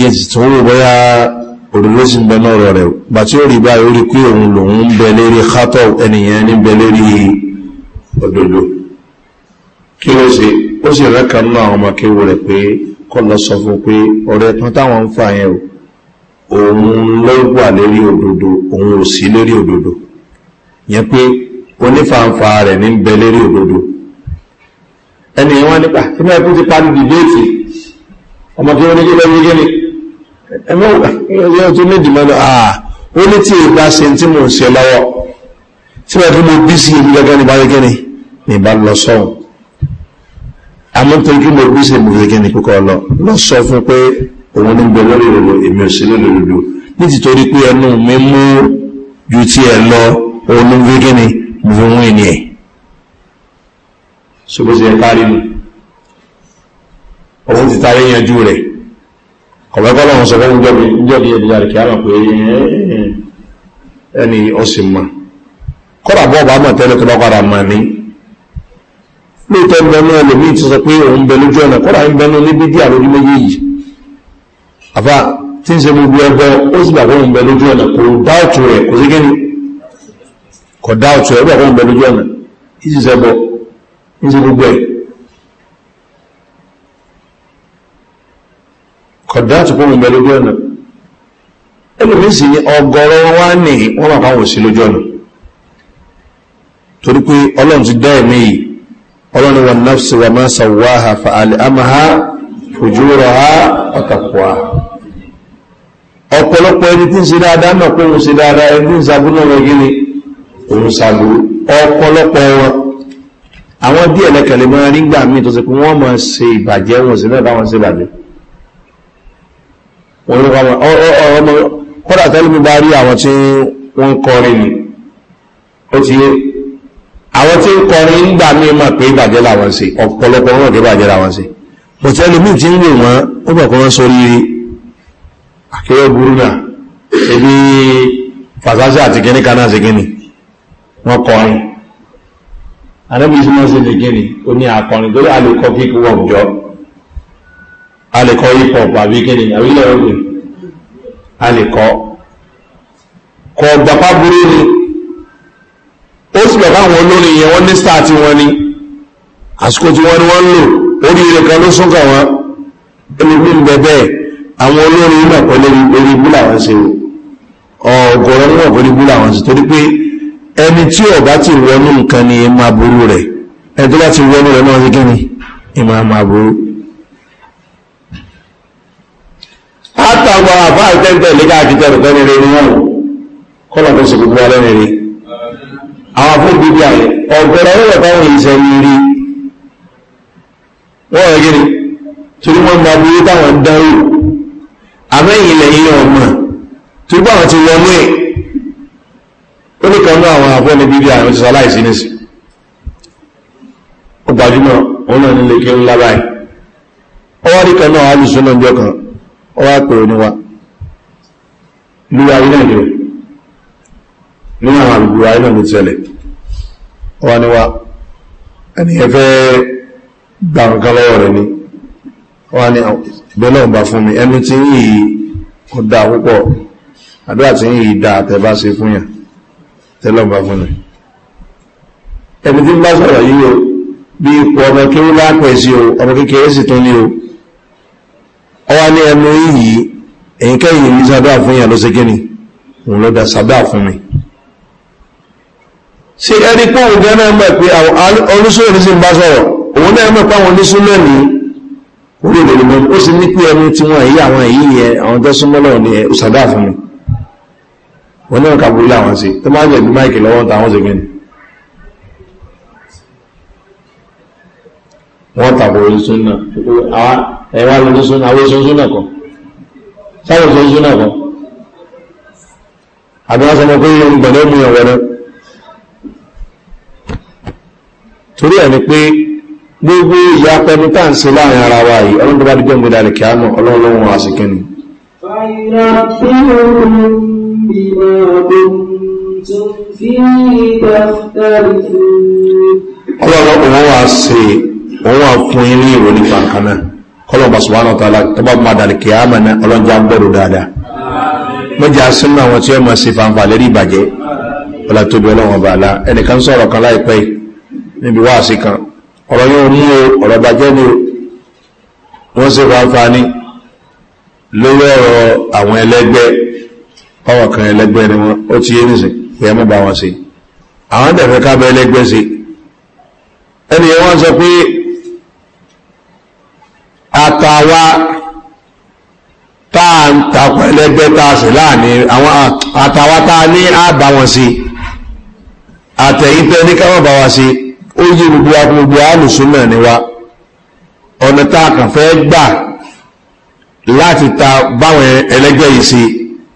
yẹ sì tún wò bóyá òdòdó sì ń bẹ náà rọ̀ rẹ̀ gbà tí ó rí báyìí ó rí pé òun lòun ń bẹ lérí kátọ̀ ẹnìyẹn ní bẹ lérí òdòdó kí ló ṣe ó sì rẹ́kàn náà àwọn ọmọ kéwò rẹ̀ pé kọ́ lọ sọ fún pé ọ̀rẹ́ kan táwọn ń fà yẹn o òun ló wà lérí òdòdó òun ò sí lérí òdòdó yẹn pé onífàǹfà rẹ̀ ní bẹ lérí òdòdó ẹni wọn nípa tí mẹ́rin tó ti parí dìbéètì ọmọ kí wọ́n ní kílẹ̀ ní kíni ẹmọ́ ìyẹn tó ní ìdìmọ́ náà ó ní tí ìgbà ṣe tí mo ń ṣe lọ́wọ́ tí mẹ́rin tó mo bí sí ibi gẹ́gẹ́ ní báyé kíni ni ìbá lọ sọ́hun àmọ́ tó kí mo bí sí mo gẹ́gẹ́ ní kókó lọ lọ sọ fún pé òun ní gbẹ lórí òdodo èmi ò sí lórí òdodo ní tìtorí pé ẹnu mi mú ju ti ẹ lọ òun ní gẹ́gẹ́ ní mo fi wọ́n ènìyàn ṣogbóṣe ẹ̀ká rínú òun ti tayé yanjú rẹ̀ ọ̀pẹ́kọ́ lọ́wọ́n sọ fún jọ́bi ẹ̀dìyà rẹ̀ kí á mọ̀ pé ẹni ó sì mọ̀ kọ́dà bọ́ ọba mọ̀ tẹ́lẹ̀ tó bá padà mọ̀ ní lóòótọ́ ń bẹnu ẹlòmíì ti sọ pé òun bẹ lójú ọ̀nà kọ́dà ń bẹnu ní bídí àlórí méjèèjì àfà tí ń se gbogbo ẹgbọ́ ó sì ń ṣe gbogbo ẹ̀ kọ̀dá tó kún ìgbẹ̀ lójú ọ̀nà ẹlòmí sì ni ọgọ́rọ̀ wá ní wọ́n máa fáwọn òsì lójú ọ̀nà torí pé ọlọ́run ti dá ẹ̀mí yìí ọlọ́run wọn náà sì wà máa sàwọ́ àhà fàálẹ̀ àmà ha ọ̀tàkùwà àwọn díẹ̀ lẹ́kẹ̀lẹ́ mọ́ nígbà míì tó ṣe pé wọ́n mọ̀ ṣe ìbàjẹ́ wọn sí náà báwọn ṣe bàjẹ́ wọn ló kọ́ ọmọ kọ́dà tẹ́lẹ̀ mi bá rí àwọn tí wọ́n ń kọrin ni ó ti yé àwọn tí ń kọrin nígbà míì mọ̀ pé ìbàjẹ́ làwọn ṣe ọ̀pọ̀lọpọ̀ wọn kì í bàjẹ́ làwọn ṣe kò tẹ́lẹ̀ mi ti ń lè wọ́n ó bọ̀ kọ́ wọn sórí akẹ́yọ̀ burú náà ebi fàṣáṣà àti kíní kaná ṣe kíní wọ́n kọrin ànábì sí máa ń se lè gíní ó ní akọrin torí a lè kọ hip hop jọ a lè kọ hip hop àbí gíní àbí ilẹ̀ ọ̀gbìn a lè kọ kọ gbapá burú ni ó sì bẹ̀ fáwọn olórin yẹn wọ́n ní star tí wọ́n ní àsìkò tí wọ́n ní wọ́n ń lò oríire kan ló sún kà wọ́n ẹni bí ń bẹ bẹ́ẹ̀ àwọn olórin náà pẹ̀lú orí búlà wọn ṣe ọ̀gọ̀rọ̀ náà pẹ̀lú búlà ṣe torí pé ẹni tí ó bá ti wọnú nǹkan ni ẹ máa burú rẹ̀ ẹni tó bá ti wọnú rẹ̀ náà gẹ́gẹ́ ni ẹ máa máa burú àtàwọn àfáà tẹ́ntẹ́ lé káàkiri tẹ́rù tẹ́rù rẹ̀ ni wọ́n kọ́nà tó sì gbogbo alẹ́ rẹ̀ àwọn afọ́ gbogbo àyẹ̀ ọ̀gbẹ̀rẹ̀ ọ̀rọ̀ táwọn ìṣẹ́ ni rí wọ́n rẹ̀ gẹ́ni torí wọ́n gba burú táwọn dárò àmẹ́yìn ilẹ̀ yìí ọmọ torí pé ti wọnú ẹ̀ ó ní kan náà àwọn àfọ́ níbi bí àwọn ìṣẹ́sọ́ láìsí ní sí ó gbajúmọ̀ náà nílé kí ń ó wá kan náà wájú sọ́nà ìjọ kan ó wá pè ní wa ní ayé náà ni ní àwọn àgbègbè ayé náà tẹ́lẹ̀ ó wá ẹni ẹ fẹ́ gbà ni ó wá ní ìbẹ́ mi tí ń yìí ó dáa púpọ̀ àdúrà tí ń yìí dáa tẹ́ bá tẹ́lọ́bà múnà ẹni tí bá sọ̀rọ̀ yí o bí ipò ọmọ kí ó lápẹ̀ sí o ọmọ kékeré sì tún ní o ọwá ní ẹnu yìí èyíkẹ́yìn ní sábà fún ìyàn ló ṣe gíní òun ló dá sábà fún mi sí ẹni pé òun gẹ́nà mọ̀ pé olúṣòwò ní sí bá sọ̀rọ̀ òun náà mọ̀ pé àwọn ní orí ìdèlè mọ́ sì ní pé ẹnu tí wọ́n èyí àwọn èyí yẹn àwọn tó súnmọ́ lọ́wọ́ ni fún mi wọ́n ní ọ̀kà burú láwọn sí tó máa jẹ̀bí máìkì lọ́wọ́ táwọn sí gẹ́ni wọ́n tàbí orísúnà ẹ̀wà lórísúnà orísúnà kan sáwọn orísúnà kan àbíwá sọmọ pé yóò gbọ̀nà mú ọ̀wẹ́rẹ́ torí ẹ̀ ni pé gbogbo ìyá pẹ̀lú tá à ń se láàrin ara wa yìí ọlọ́dún bá بما كنتم فيه تختلفون ọlọ́run òun wà sí òun wà fún yín ní ìròyìn kankan náà kọlọ̀ bá ṣùgbọ́n àwọn tààlà tó bá bá dàlẹ̀ kìí àmà náà ọlọ́jà gbọ́rù dáadáa mọ́jà sínú àwọn tí ó mọ̀ sí fanfà lérí ìbàjẹ́ ọlá tóbi ọlọ́run bá ẹnìkan sọ̀rọ̀ kan láìpẹ́ níbi wá sí kan ọ̀rọ̀ yóò mú o ọ̀rọ̀ bàjẹ́ ni wọ́n sì fanfà ní ọwọ̀ kan ẹlẹ́gbẹ́ ni wọn ó ti yé nìsìn pé ẹmú bá wọn sí àwọn dẹ̀fẹ́ kábẹ́ ẹlẹ́gbẹ́ sí ẹni wọ́n sọ pé àtàwà táà ń takọ̀ ẹlẹ́gbẹ́ táà sí láàní àwọn àtàwà táà ní àbá wọn sí àtẹ̀yìntẹ́ ní káwọn bá wa sí ó yí gbogbo agbègbè alùsùnmọ̀ ni wa ọ̀nà táà kàn fẹ́ gbà láti ta báwọn ẹlẹ́gbẹ́ yìí sí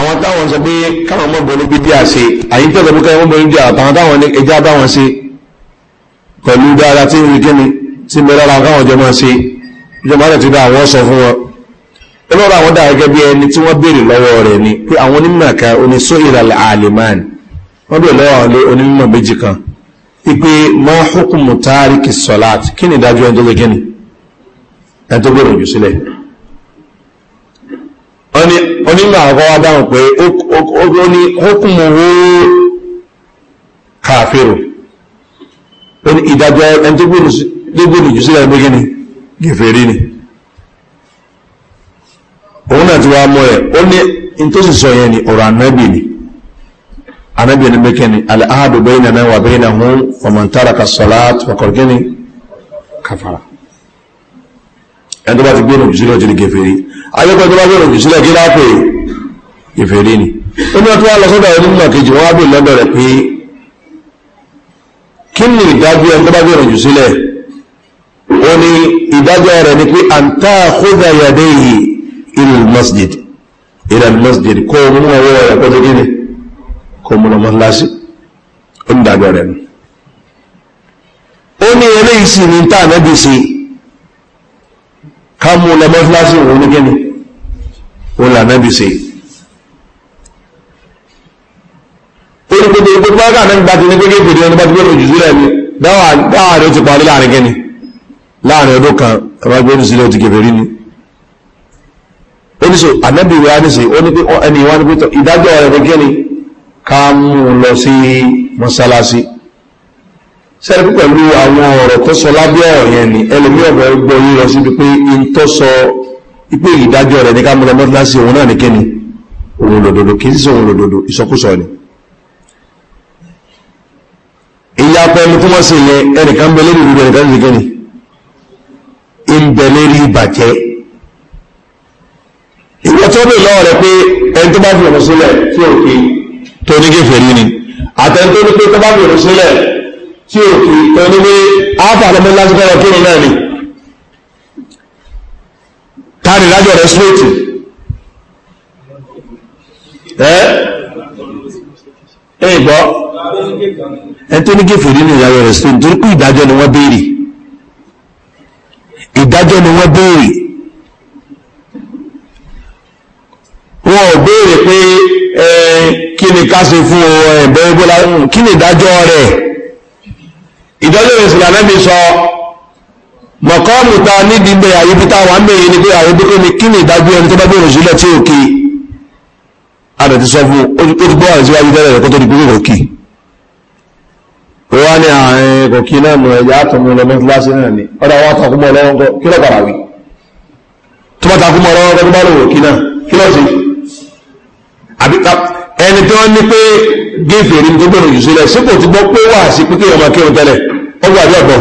àwọn táwọn sọ pé káwọn mọ̀bọ̀ ní bíbí àṣe àyíkí ọ̀sọ̀ pé káwọn mọ̀bọ̀ ní bíbí àtàwọn táwọn ní ẹjá bá wọn ṣe pẹ̀lú dáadáa tí ń rí kíni tí mẹ́rẹ́ ara káwọn jọ máa ṣe ìjọba rẹ̀ ti dá àwọn sọ fún wọn ẹlọ́rọ̀ àwọn dáa gẹ́gẹ́ ni pé àwọn onímọ̀ kan oníṣó ìrànlẹ̀ àlèmán wọ́n béèrè lọ́wọ́ àwọn onímọ̀ méjì kan ipe mọ́ hukumu tààrí kìsọ̀láàt kí ni ìdájọ́ ẹni tó lè sílẹ̀ onígbà àkọ́wà dáhùn pé ó ní hókùnmù owó kàfèrò ó ní ìdájọ́ ẹni tó gbòdì jù sílẹ̀ gbégé ni gẹ̀fẹ̀rí ni òun náà ti wá mọ́ ẹ̀ ó ní in tó sì sọ yẹn ni ọ̀rọ̀ ànábì ni ànábì ni bẹ́kẹ́ ni aláàdù bẹ́yìn náà wà bẹ́yìn náà hún ọmọntara ka ayẹ́pẹ́ tó bá gbọ́rọ̀ jù sílẹ̀ kí lápè ìfèrí ni ó ní ọtún wá lọ sọ́dọ̀ ẹni nínú kejì wọ́n wá bè lọ́dọ̀ rẹ̀ pé kí ni ìdájọ́ ẹni tó bá gbọ́rọ̀ jù sílẹ̀ ó ní ìdájọ́ rẹ̀ ni pé àǹtá kódà yàdé yìí ìlú masjid ìlú masjid kó mú ọwọ́ rẹ̀ kó tó kí ká mú lọ mọ́síláṣí òun ní gẹ́ni òun là náà bí se olùgbogbo ìgbogbo ọgá náà gbàtí ní gbogbo ìgbèrè ọdún bá ti gbọ́nà jùzú rẹ̀ ni dáwà rẹ̀ ti parí láàrin gẹ́ni láàrin ọdún kan ọgbẹ́ni sílẹ̀ ti gẹ̀fẹ̀ rí ni oníṣò ànábì wa ní sí ẹni sẹ́rí pẹ̀lú àwọn ọ̀rọ̀ tó sọ lábẹ́ ọ̀rọ̀ ni ẹlòmí ọ̀rọ̀ gbọ́ yí lọ síbi pé in tó sọ ipé ìdájọ́ rẹ̀ ní kámọ́lá mọ́tíláṣí òun náà ní kíni òun lòdòdò kì í sí òun lòdòdò ìsọkúsọ ni ìyá pẹ́ẹ́nu tó wọ́n sì yẹ ẹnìkan ń bẹ lórí ìrúbẹ̀ nìkan ní kíni ń bẹ lórí ìbàjẹ́ ìwọ tó ní lọ́wọ́ rẹ pé ẹni tó bá fi ọ̀rọ̀ sílẹ̀ tí òkè tó ní kéfèé rí ni àtẹni tó ní pé tó bá fi ọ̀rọ̀ sílẹ̀ tí ò kì í tán ní pé áfà lọ́mọ lásìkọ́rọ̀ kí òun náà ni káàdì lájọ rẹ̀ síréètì ẹ́ ẹ̀ gbọ́ ẹ tó ní kéfì nínú ìyàwó rẹ̀ síréètì torí pé ìdájọ́ ni wọ́n béèrè ìdájọ́ ni wọ́n béèrè wọn ò béèrè pé kí ni ká ṣe fún ọ ẹ̀bẹ̀ ìbọ́lá kí ni ìdájọ́ rẹ̀ ìjọlẹ̀ rẹ̀ sílẹ̀ anábì sọ mọ̀kọ́mù ta níbi bẹ̀ àyíbí tá wà ń bẹ̀yẹ ni pé àwọn dókè ni kí ni ìdájú ẹni tó bá gbèrò sílẹ̀ tí òkè àdà ti sọ fún ó ti gbọ́ àrùn síwájú tẹ́lẹ̀ rẹ̀ kó tó di gbogbo òkè wọ́n ní àárín kòkí náà nù ẹ̀yà àtọ̀mù lọ́mọ fúláṣí náà ni ọ̀dà wọn takúmọ̀ lọ́wọ́ kọ́ kí lọ́kọ̀ ràwí tó bá takúmọ̀ lọ́wọ́ kọ́ ẹni tí wọ́n ní pé gé fèrè ní gbogbo òjò sílẹ̀ sípò ti gbọ́ pé wà sí pé kí ọmọ kírun tẹ́lẹ̀ ọgbà àbí ọ̀bọ̀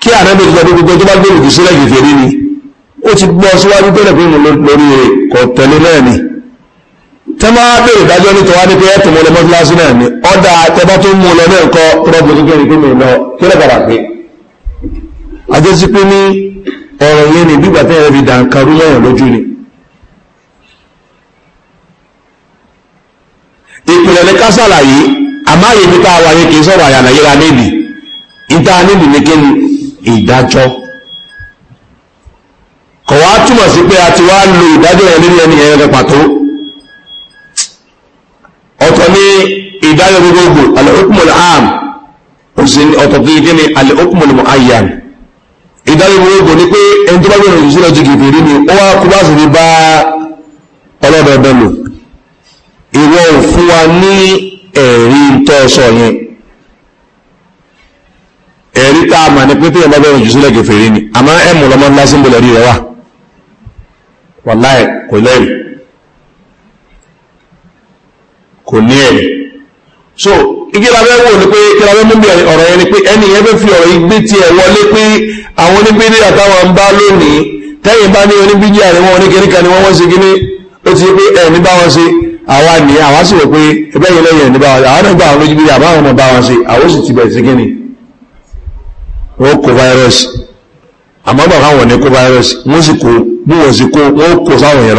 kí àrẹ́bẹ̀ ti gbọ́dọ̀ gbogbo tó bá gbé òkú sílẹ̀ kìfẹ́ rí ni ó ti gbọ́ síwájú tẹ́lẹ̀ pé mo lórí rẹ̀ kọ̀ tẹ̀lé náà ni tẹ́ máa bèèrè dájọ́ ní tọ́wá ní pé ẹ̀tọ́ mo lọ mọ́tíláṣí náà ni ọ̀dà tẹ́bá tó mú lọ náà kọ́ rọ́bù tó kéré pé mi lọ kí lẹ́ padà pé àjẹsí pé ní ọ̀rọ̀ yẹn ni bí gbàtẹ́ ẹ̀rí dànkarú lẹ́yìn lójú ni ìpìlẹ̀ ní ká sàlàyé àmọ́ àyè ibi tá a wà yẹn kì í sọ̀rọ̀ àyànà yíra níbi ìta níbi ní kí ni ìdájọ́ kò wá túmọ̀ sí pé a ti wá lo ìdájọ́ yẹn nínú ẹni yẹn rẹ pàtó ọ̀tọ̀ ní ìdájọ́ gbogbogbò al-hukmul aam òsìn ọ̀tọ̀ kì í kí ni al-hukmul muayyan ìdájọ́ gbogbogbò ni pé ẹni tó bá gbé ìròyìn sílẹ̀ ju kìfìrí ni ó wá kú bá sì ní bá ọlọ́dọọdọ lò ìwọ ò fún wa ní ẹ̀rí tọ́ sọ yẹn ẹ̀rí tá a mà ní pé téèyàn bá bẹ̀rẹ̀ jù sílẹ̀ kẹfẹ́ rí ni àmọ́ ẹ̀ mú lọ́mọ ńlá síbi lẹ́rí rẹ wà wàláì kò lẹ́rìí kò ní ẹ̀rí so ìgbélábẹ́ wò ni pé ìgbélábẹ́ mú bí ọ̀rọ̀ yẹn ni pé ẹni yẹn fẹ́ fi ọ̀rọ̀ igbé tiẹ̀ wọlé pé àwọn onígbédé àtàwọn ń bá lónìí tẹ́yìn bá ní oníbíjì àríwọ̀n oníkẹ́ríkà ni wọ́n wọ́n ṣe kíní ó ti pé ẹ̀ ní bá wọn ṣe àwa ni awa si rò pé ẹgbẹ́ yìí lẹ́yìn ní báwọn àwọn náà gbà wọn lójú bí àbá àwọn ọmọ bá wọn sí àwọn sì ti bẹ̀rẹ̀ sí kíni wọn kó fáírọ́ọ̀sì àmọ́ bàbá àwọn ní kó fáírọ́ọ̀sì wọn sì kó bí wọn sì kó wọn kó sáwọn yẹn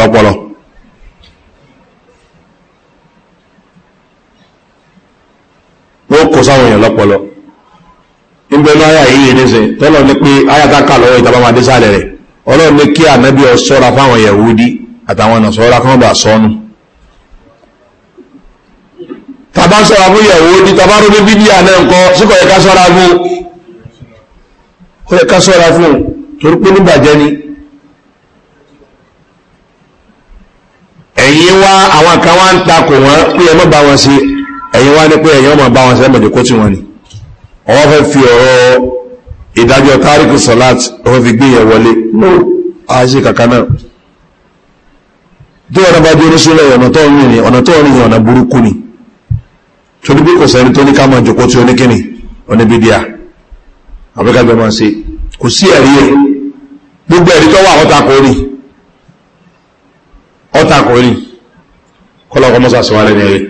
lọ́pọlọ. wọn ní àyà yìí ní ní pé lọ́wọ́ máa dé sálẹ̀ rẹ̀ ọlọ́run tàbá sọ́ra fún yẹ̀wò ní tàbá rú bí bídíà náà ń kọ́ síkọ̀ ẹ̀ká sọ́ra fún ẹ̀ká sọ́ra fún torí ní bàjẹ́ ni ẹ̀yin wá àwọn kan wá ń takò wọ́n pé ẹ mọ́ bá wọn sí ẹ̀yin wá ní pé ẹ̀yin ọmọ bá wọn sí ẹ̀mọ̀dé kó tí wọn ni ọwọ́ fẹ́ fi ọ̀rọ̀ ìdájọ́ tárìkù sọ́láàtì ọwọ́ fi gbé yẹn wọlé no àṣì kàkà náà tí ọ̀nà bá dé oníṣúlẹ̀ ọ̀nà tó ń rìn ọ̀nà tó ń rìn ọ̀nà burúkú ni torí bí kò sẹ́ni tó ní ká máa jòkó tí ó ní kíni oníbi díà àbíkàgbẹ́ máa ṣe kò sí ẹ̀rí ẹ̀ gbogbo ẹ̀rí tó wà ọ́tàkùn rí ọ́tàkùn rí kọ́lọ́kọ́ mọ́sá sí wa lẹ́ni ẹ̀rí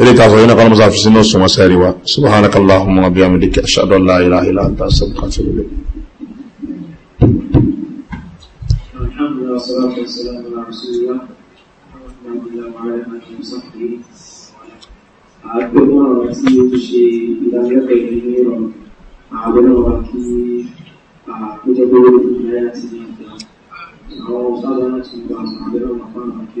eré tààsọ̀ yìí nìkan mọ́sá fi sínú òṣùwọ̀n sẹ́rí wa subhanakallahu mu abiy amidike aṣadọ́lá ilá ilá ń ta sọ́kùn kan sí ilé. الحمد لله والصلاة والسلام على رسول الله وعلى آله وصحبه àgbẹ̀mọ̀ràn tí ó ti ṣe ìdánilẹ́kọ̀ọ́ ìlú ní ìrọ̀rùn àgbẹ̀mọ̀ wa kí àkójọ pé lórí ti ní ìgbà àwọn ọ̀sáàdá láti gba àgbẹ̀mọ̀ wa fáwọn àti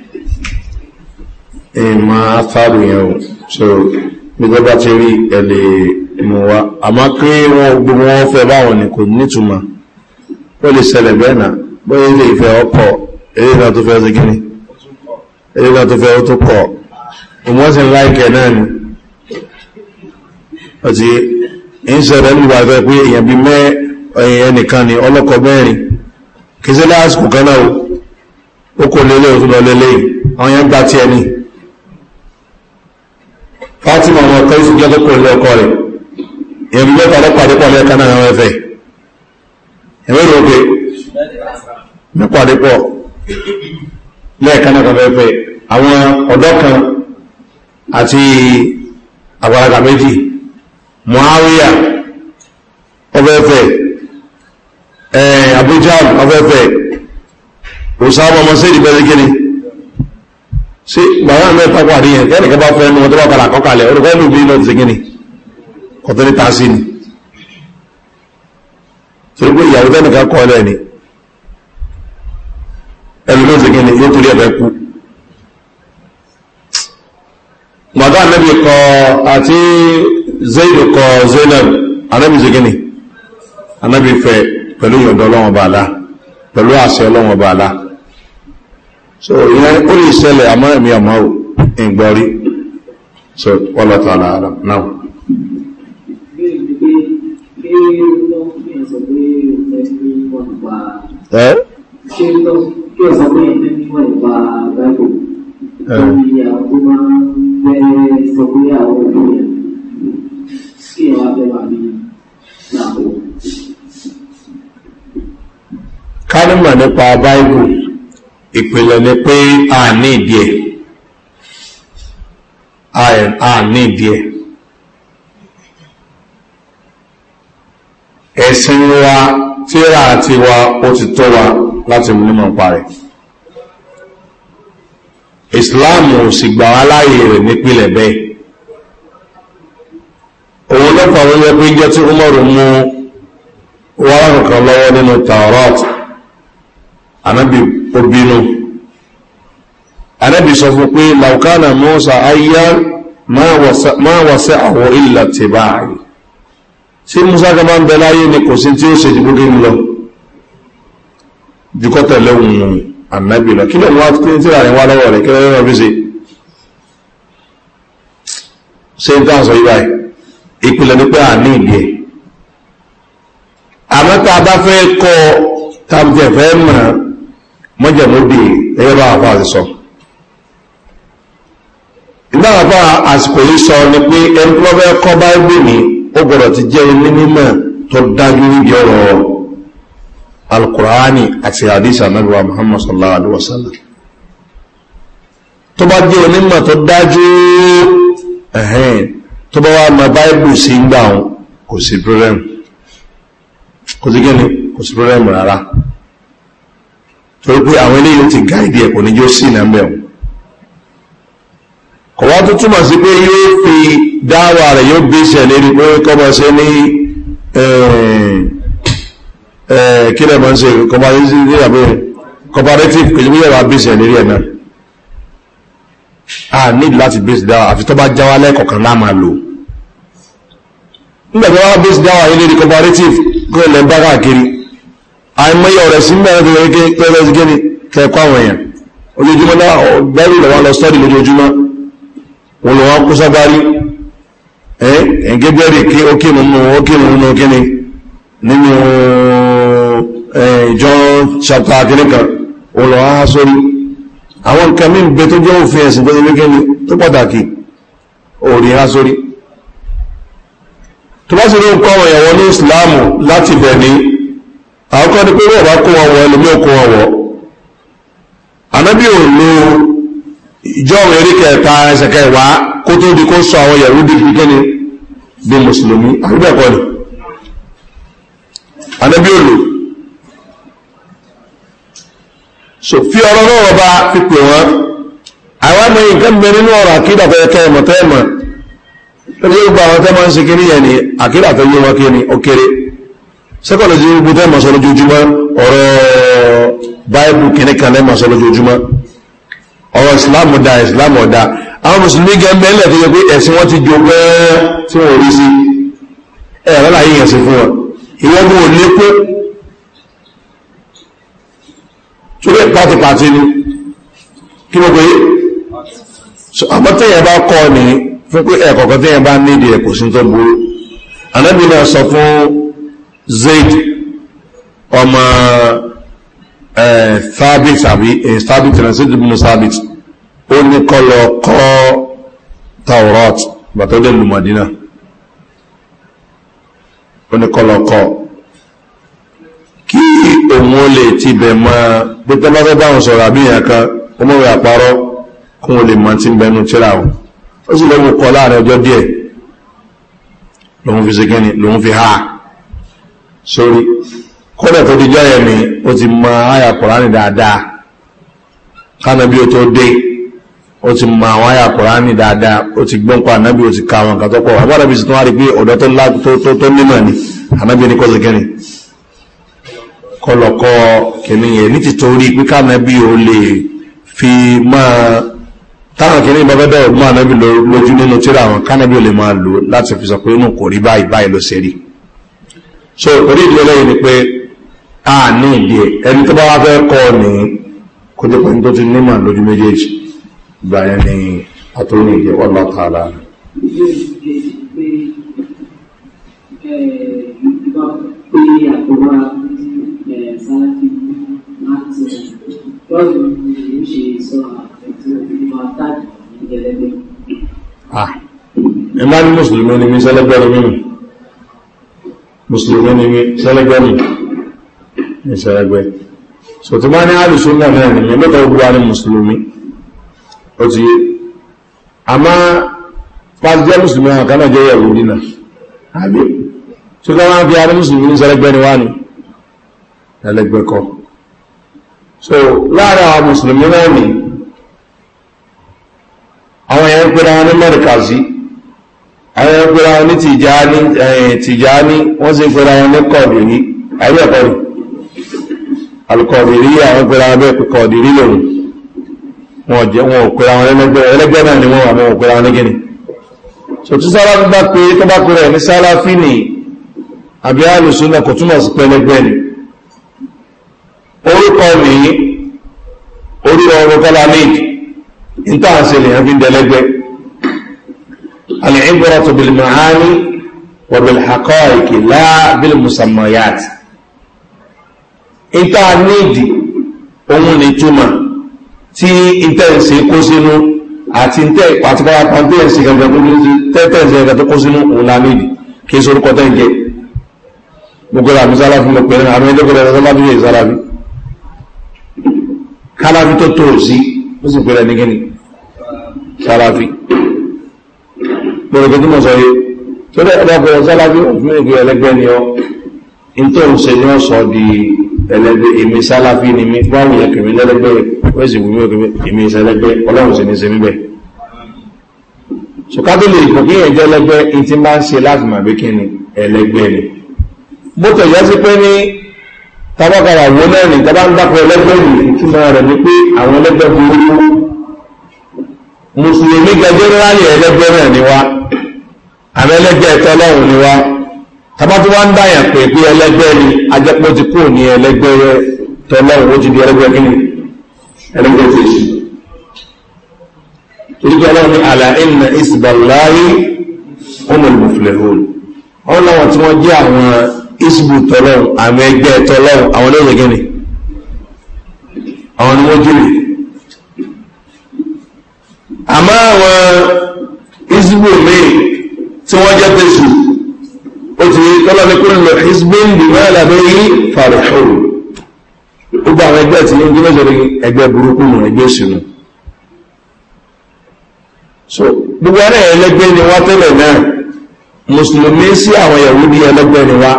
ìmọ̀ afárù yẹn o so gbogbo bá ti rí ẹ̀lẹ̀ mọ̀ wá kí wọ́n gbogbo wọn fẹ́ báwọn ni kò nítumọ̀ ó lè sẹlẹ̀ bẹ́ẹ̀ náà bóyá fẹ́ ọkọ̀ eré tó fẹ́ sí kíni tó fẹ́ ó tó pọ̀ láìkẹ̀ náà ni ń nígbà fẹ́ pé èèyàn mẹ́ ẹnìkan ni ọlọ́kọ̀ mẹ́rin fatima ọmọ ọkọ yusuf jẹ́ kókò ilé ọkọ rẹ̀ èmi mẹ́ta lọ́pàdé pọ̀ lẹ́ẹ̀kan náà wọ́n fẹ́ ẹ̀mí rò pé mẹ́pàdé pọ̀ lẹ́ẹ̀kan náà wọ́n fẹ́ àwọn ọ̀dọ́ kan àti àgbàlagbà méjì muawiya ọfẹ́fẹ́ ẹ̀ abuja ọfẹ́fẹ́ òsàbọ̀ ọmọ sí ìdíbẹ̀rẹ̀ gíní ṣé bàbá mi ta kó àdéhùn yẹn nìkan bá fẹ́ ẹnu ọdún ọ̀kadà kọ́kàlẹ̀ orúkọ ẹnu bí lọ́dún ṣe kíni kọ́tọ́ ní taasi ni torí pé ìyàwó tẹ́nìkan kọ́ ẹ ni ẹnu ló ṣe kíni yóò torí ẹ̀fẹ́ kú. màdá anábì kọ àti zayidu kọ zainab anábì ṣe kíni anábì fẹ pẹ̀lú ìyọ̀dọ̀ ọlọ́wọ̀n bàálà pẹ̀lú àṣẹ ọlọ́wọ̀n bàálà so ìyẹn ó lè ṣẹlẹ̀ àmọ́ ẹ̀mí ọmọ ò ìgbọ́rí so wọ́lọ́ta aláàrá náà ẹ́ kálùmọ̀ nípa báìbù ìpìlẹ̀ ni pé a ní ìdí ẹ̀ a ní ìdí ẹ̀ ẹ̀sìn wa tíra àti wa ó ti tọ́ wa láti mú nímọ̀ parẹ̀ islam ò sì gbà wá láàyè rẹ̀ nípìlẹ̀ bẹ́ẹ̀ òun lọ́pàá wọ́n yẹ pé jẹ́ tí ó mọ̀rún mú wọ́n kan lọ́wọ́ nínú tààrọ́tù anábì obìnú anábì sọ fún pé laukana musa ayá máa wàṣẹ àwọ̀ ilẹ̀ ti báyìí sí musa gaba ń bẹ láyé ni kò sí tí ó ṣe jùgbó kí n lọ jùkọ́ tẹ̀lé òun anábì lọ kí lè wá tí tí àárín wá lọ́wọ́ rẹ̀ kí lọ́wọ́ fi ṣe ṣe ń tàn sọ yí báyìí ìpìlẹ̀ ni pé àní ìdí ẹ̀ àmọ́ tá a bá fẹ́ kọ́ tàbí ẹ̀fẹ́ mọ̀ mọ́jẹ̀mọ́bì ẹgbẹ́ bá àpá àti sọ ìdáàbá àsìkò yìí sọ ni pé ẹni tó bẹ́ kọ́ báíbù ni ó gbọ́dọ̀ ti jẹ́ ilé mímọ̀ tó dájú níbi ọ̀rọ̀ alkùránì àti àdísà náà muhammad sallallahu alaihi wasallam tó bá jẹ́ onímọ̀ tó dájú ẹ̀hẹ́n tó bá wá mọ báíbù sí ń gbà wọn kò sí problem kò sí problem rárá torí pé àwọn eléyìí ti gáìdì ẹ̀ kò ní jó sí ìnà mẹ́ọ̀ kò wá tó túmọ̀ sí pé yóò fi dáwà rẹ̀ yóò bí ìṣẹ̀ lérí pé kọ́mọ sí ní kí lẹ́mọ̀ ń ṣe cooperative kò jẹ́ yóò bí ìṣẹ̀ lérí ẹ̀ náà a need láti base dáwà àfi tó bá jáwá lẹ́kọ̀ọ̀kan láà máa lò nígbàtí wọ́n base dáwà ilé ní cooperative kó lẹ́ bá káàkiri àìmọye ọ̀rẹ́ sí mẹ́rin tó rẹ́gẹ́ pẹ́rẹ́ sí gẹ́ni kẹ́kọ́ àwọn èèyàn ojoojúmọ́ náà bẹ́rù lọ́wọ́ lọ sọ́ọ̀dì lójoojúmọ́ wọn lọ́wọ́ kó sábárí ẹ̀ẹ́gẹ́ bẹ́rẹ̀ kí ó kírun mú ó kírun ni, kíni nínú ìjọ ṣàpá kíní kan wọn lọ́wọ́ há sórí àwọn nǹkan mí bẹ tó jẹ́ òfin ẹ̀sìn tó ṣe kíni tó pàtàkì òòrì há sórí tó bá sì ní nǹkan ọ̀yẹ̀wọ̀ ní ìsìláàmù ní àwọn kan ní pé wọ́n bá kó wọn wọ ẹlòmíì kó wọn wọ ànábì ò lo ìjọ́wọ̀n eré kẹta ẹsẹ̀ kẹwàá kó tó di kó sọ àwọn yẹ̀rúdì fi kéde bí mùsùlùmí àbíbẹ̀kọ́ ni ànábì ò lò so fi ọ̀rọ̀ náà wọ́n bá fi pè wọ́n àwọn nǹkan bẹ nínú ọ̀rọ̀ àkídà fẹ́ tẹ́ ẹ̀mọ̀ tẹ́ gbogbo àwọn tẹ́ ń se kí ni àkídà fẹ́ wọn kí ni ó kéré. Okay sẹ́kọ̀lọ́jì gbogbo tẹ́ màá sọ lójoojúmọ́ ọ̀rọ̀ báìbù kìnnìkan lẹ́ màá sọ lójoojúmọ́ ọ̀rọ̀ ìsìláàmù da ìsìláàmù ọ̀dà àwọn mùsùlùmí gẹ́ mẹ́lẹ̀ tó yẹ pé ẹ̀sìn wọn ti jo pẹ́ẹ́ tí wọ́n rí sí ẹ̀rọ láyé yẹn sí fún wọn ìwọ́n mú òní kú túbẹ̀ pátipàti ni kí ló pé àmọ́ tẹ́yẹ̀ ni fún pé ẹ̀kọ̀ọ̀kan tẹ́yẹ̀ bá nídìí ẹ̀kọ́ zaid ọmọ thabit àbí thabit na zaid bin thabit ó ní kọlọ kọ́ taurat bàtọ́ dẹ̀ madina ó ní kọlọ kọ́ kí òun ó lè ti bẹ̀ mọ́ pé tẹ́lẹ́fẹ́ bá wọn sọ̀rọ̀ àbí ìyàn kan ó mọ̀wé àparọ́ kún ó lè mọ tí ń bẹnu tíra wọn ó sì lọ́wọ́ kọ́ láàrin ọjọ́ díẹ̀ lòun fi ṣe kẹ́ni lòun fi háà sórí kódà tó dijọ́ yẹn ni ó ti mọ àyà kùránì dáadáa kánábí ó tó dé ó ti mọ àwọn àyà kùránì dáadáa ó ti gbọ́n pa ànábì ó ti ka àwọn nǹkan tó pọ̀ àbúrò àbí tuntun wá rí pé ọ̀dọ́ tó nímọ̀ ni ànábì ní kọ́sẹ̀ kẹrin kọlọ̀kọ́ kìnìyàn ní ti torí pé kánábí ó lè fi máa táwọn kìíní bá bẹ́ẹ̀ mọ́ ànábì lójú nínú tíra àwọn kánábì ò lè máa lò láti fi sọ pé inú kò rí báyìí báyìí ló ṣe rí so orí ìdí eléyìí ni pé a ní ìdí ẹ ẹni tó bá wá fẹ́ kọ́ ní kó jẹ́ pẹ̀lú tó ti nímọ̀ lójú méjèèjì ìgbà yẹn ni a tó ní ìdí ẹ wọ́n Ah, ẹ máa ní mùsùlùmí ni mi sẹ́lẹ̀gbẹ́rún mímu mùsùlùmí ni sẹ́lẹ́gbẹ́ ni ní sẹ́lẹ́gbẹ́ so tó bá ní àrùsùn náà náà nìyẹn lọ́tọ̀ gbogbo ní mùsùlùmí ó ti yé a máa pàdé mùsùlùmí àwọn kan náà jẹ́ yẹ̀wò nínà àbí tó ká máa fi àrí mùsùlùmí ní sẹ́lẹ́gbẹ́ ni wá ní ẹlẹ́gbẹ́ kọ so láàárín àwọn mùsùlùmí náà ni àwọn yẹn ń wọn ní mẹ́rìkà sí àwọn ẹgbẹ́ra wọn ní tìjáni eh, wọ́n sì gbẹ́ra wọn ní kọ̀dìrí ayẹ́kọ̀rì alùkọ̀dìrí àwọn gbẹ́ra wọn bẹ́ẹ̀ kọ̀dìrí lòun wọn jẹ́ wọn òpẹ́ra wọn ẹlẹ́gbẹ́ náà ni wọ́n àwọn òpẹ́ra wọn lẹ́gẹ́ni so tí sára bá pé tó bá pẹ̀rẹ̀ ní sára fí ni àbí àlùsùn náà kò túnmọ̀ sí pẹ́lẹ́gbẹ́ ni orúkọ mi orí ọrọ̀ kọ́lá ní ìtàn àṣẹ lèèyàn fi ń dẹlẹ́gbẹ́ العبرة بالمعاني وبالحقائق لا بالمسميات ìta nídìí òun ni túmọ̀ tí ìtẹ́ǹsì kó sínú àti pàtíkàrà tẹ́ǹsì gẹ̀gẹ̀ tó ní tẹ́ǹsì gẹ̀gẹ̀ tó kó sínú òun la nídìí kí é sorúkọ tẹ́ǹjẹ́ gbogbo àmì sáláfí lọ pẹ̀lú àmì ẹlẹ́gbẹ̀rẹ̀ sáláfí yẹ sáláfí káláfí tó tó sí ó sì pẹ̀lú ẹni gẹ́ni sáláfí gbọ́dọ̀ tí mo sọ yìí tó dẹ́ ọ̀pọ̀ sálábí òfin èdè ẹlẹ́gbẹ́ ni ọ́ in tó ń se ní ọ́ di ẹlẹ́gbẹ́ èmi sálábí ni mi wáwù yẹn kìrì lẹ́lẹ́gbẹ́ wọ́n sì wùmí òkè èmi sẹlẹ́gbẹ́ ọlọ́run sì ní se níbẹ̀ sọkátó lè kò kí yẹn jẹ́ ẹlẹ́gbẹ́ in ti máa ń se láti ni bó tẹ̀ yẹ sí pé ní tabakara wo náà ní ni pé àwọn mùsùlùmí gẹ́gẹ́ rárẹ̀ ẹlẹ́gbẹ́ ni wá àwọn ẹlẹgbẹ́ ẹ̀tọ́ ọlọ́run ni wá tabatu wa ń dáyàn pé pé ẹlẹgbẹ́ ni ajẹpọ ti kúrò ní ẹlẹgbẹ́ tọlọ́run ó ti di ẹlẹgbẹ́ kí ni ẹlẹgbẹ́ ti ṣe torí pé ọlọ́run ní àlà ìnà ìsìbàláyé ọmọ ìmùfìlẹhùn ọlọ́run tí wọn jẹ àwọn ìsìbù tọlọ́run àwọn ẹgbẹ́ tọlọ́run àwọn ẹlẹgbẹ́ kí àwọn ni wọn jèrè àmọ́ àwọn ìsìbù míì tí wọ́n jẹ́ tẹ̀sù ó ti lọ́lọ́ ní kúrò lọ isbin bímọ́ àlàbẹ́yí fàrẹ̀hùn ó bá àwọn ẹgbẹ́ tí ó ń gbé mẹ́jọ ẹgbẹ́ burúkú nù ẹgbẹ́ òṣìnà so gbogbo ara ẹlẹgbẹ́ ni wá tẹ́lẹ̀ náà mùsùlùmí sí àwọn yahudi ẹlẹgbẹ́ ni wá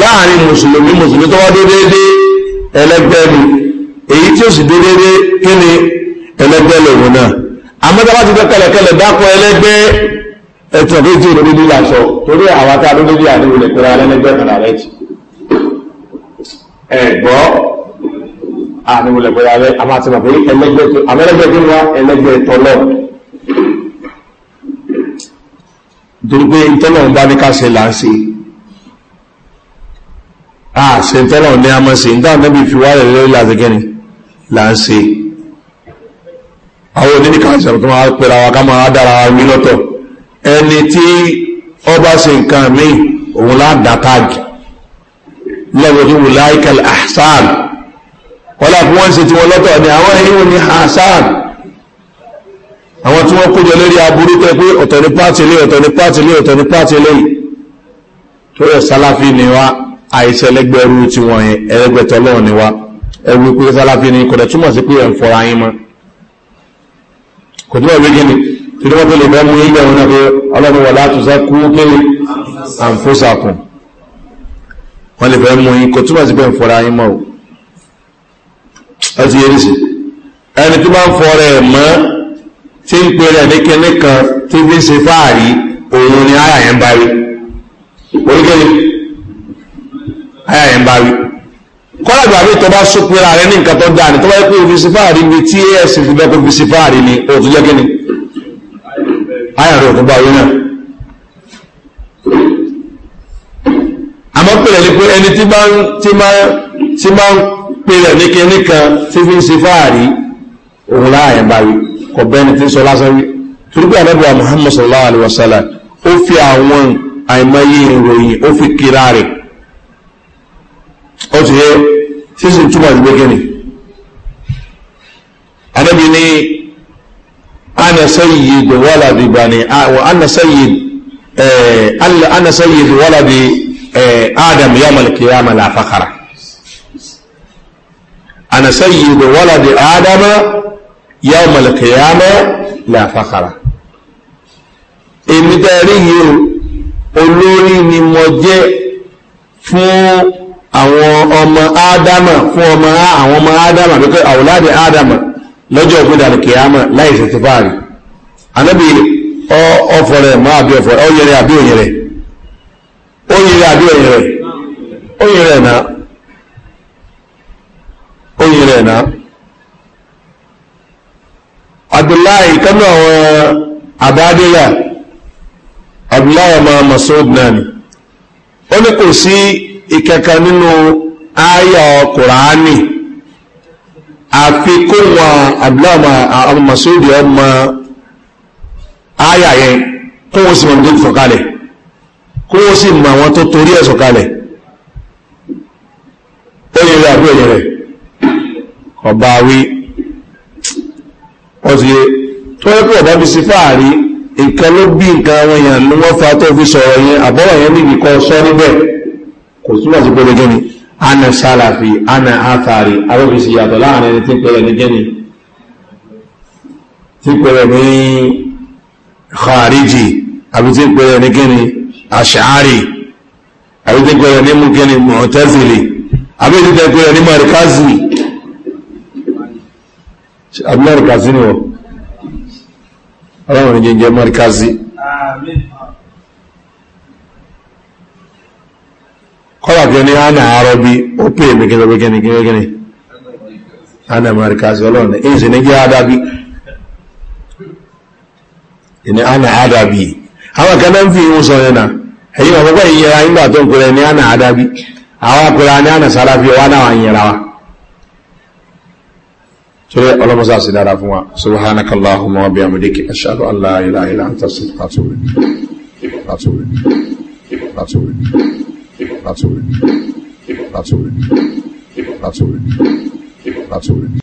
láàrin mùsùlùmí mùsùlùmí tó wá dé déédé ẹlẹgbẹ́ ni èyí tí ó sì dé kí ni ẹlẹgbẹ́ lòun náà àmọ́ ti fẹ́ kẹlẹ̀kẹlẹ̀ dákọ̀ ẹlẹgbẹ́ ẹ̀tọ́ méjì lórí lílàṣọ torí àwọn tá a lórí lílà ní ilẹ̀ pẹ̀lú alẹ́lẹ́gbẹ́ kan ààrẹ jì ẹ̀gbọ́ àní ilẹ̀ pẹ̀lú alẹ́ a máa ti mọ̀ pé ẹlẹ́gbẹ́ tó amẹ́lẹ́gbẹ́ tó wá ẹlẹ́gbẹ́ tọ́lọ̀ torí pé tọ́lọ̀ ń bá ní ká ṣe là ń ṣe a ṣe tọ́lọ̀ ní a máa ṣe ń dáhùn níbi ìfi wáyé lórí làzẹ́gẹ́ni là ń ṣe àwọn oníníkà ìṣẹ̀lẹ̀ tó máa pẹ̀lú àwọn ká ẹni tí ọba ṣe nǹkan míì òun láàdá táàgì lẹ́gbẹ̀ẹ́ tí wù láìkẹ̀lẹ̀ ahsan wọ́lá fún wọ́n ṣe tí wọ́n lọ́tọ̀ ni àwọn èyí ni ahsan àwọn tí wọ́n kójọ lórí aburú tẹ́ pé ọ̀tọ̀ ní pàtì lé ọ̀tọ̀ ní pàtì lé ọ̀tọ̀ ní pàtì lé tó yẹ sálàfí ni wá àìsẹ̀lẹ́gbẹ̀rú tí wọ́n yẹn ẹlẹ́gbẹ̀tọ́lọ́ ni wá ẹgbẹ́ pé sálàfí ni kọ̀dẹ̀ túmọ̀ sí pé ẹ̀ ń fọra yín mọ́ kò tí wọ́n gbé gíní kí wọ́n tó lè fẹ́ mú ilẹ̀ òun náà pé ọlọ́run wọ̀ láti sẹ́ kú pé àǹfóṣàkùn wọ́n lè fẹ́ mú yín kò túmọ̀ sí pé ń fọ́ra yín mọ́ o ọtí yẹrí sí ẹni tó bá ń fọ́ra ẹ̀ mọ́ tí ń pèrè ní kíní kan tí fi ń ṣe fáàrí òun ni àyà yẹn bá rí oríkèlè àyà yẹn bá rí kọ́lá ìgbà mi tó bá sópin ara ní nǹkan tó dáa ni tó bá yẹ kó o fi ṣe fáàrí ni tí asf bẹ́ẹ̀ kó o fi ṣe fáàrí ni òtún jẹ́ kíni rẹ̀ òkú báyé náà àmọ́ pèrè ní pé ẹni tí máa ń pèrè ní kíní kan tí fi ń se fáàrí òun láàyàn báyé kò bẹ́ni tí ń sọ lásán rí torí pé àdẹ́bùwà muhammad sallallahu alaihi wasallam ó fi àwọn àìmọye ìròyìn ó fi kíra rẹ̀ ó ti yẹ sísun túmọ̀ ìgbégẹ́ni àdẹ́bì ní ana sayyid waladi bani ana sayyid ana sayyid waladi adam yawm al-qiyamah la fakhara ana sayyid waladi adam yawm al-qiyamah la fakhara èmi tẹ́ rí yìí o olórí ni mo jẹ́ fún àwọn ọmọ ádámà fún ọmọ àwọn ọmọ ádámà pé àwòládì lọ́jọ́ ìgbìdà kìyàmà láìsí ti fáàrí anábì ọ̀fọ̀ rẹ̀ máa bí ọ̀fọ̀ rẹ̀ ó yẹrẹ àbí òyìn rẹ̀ ó yẹrẹ àbí òyìn rẹ̀ ó yẹrẹ ẹ̀nà ó yẹrẹ ẹ̀nà abdullahi kánú àwọn àbádéyà eh, abdullahi ọmọ masoud náà ó ní kò sí ìkẹkẹ nínú ayọ̀ kùránì àfi kó wọn àbúláwọ̀ àwọn masóòdì ọmọ ayà yẹn kó wọ́n sì mọ̀ nítorí sọ̀kalẹ̀ kó wọ́n sì mọ̀ àwọn tó torí ẹ̀ sọ̀kalẹ̀ ó yẹ rẹ̀ àbúrò yẹn rẹ̀ ọba wí wọ́n ti yé tó yẹ kó ọba fi sí fáàrí nǹkan ló bí nǹkan àwọn èèyàn ni wọ́n fa tó fi sọ̀rọ̀ yẹn àbọ̀wọ̀ yẹn níbi kan sọ níbẹ̀ kò túmọ̀ sí pé lójú ni ana salafi ana athari arọ́bì sí yàtọ̀ láàrin ẹni tí ń pẹ̀lẹ̀ ní gẹ́ni tí ń pẹ̀lẹ̀ ní khariji àbí tí ń pẹ̀lẹ̀ ní gẹ́ni ash'ari àbí tí ń pẹ̀lẹ̀ ní mú gẹ́ni mu'tazili àbí tí ń pẹ̀lẹ̀ ní markazi àbí markazi ni wọ́n ọlọ́run ní jẹ́ markazi. kọ́lá kí ní ánà àárọ̀ bí ó pè mí kí lọ́gbé kíni kíni kíni ánà marikasi ọlọ́run èyí sì ní jẹ́ àdábí ìní ánà àdábí àwọn kan náà ń fi ìhun sọ yẹn náà èyí wọn gbogbo ìyẹra nígbà tó ń pèrè ní ánà àdábí àwọn akọrẹ ní ánà sáráfí ọwá náà yẹra wa sori Azul. Azul. Azul. Azul.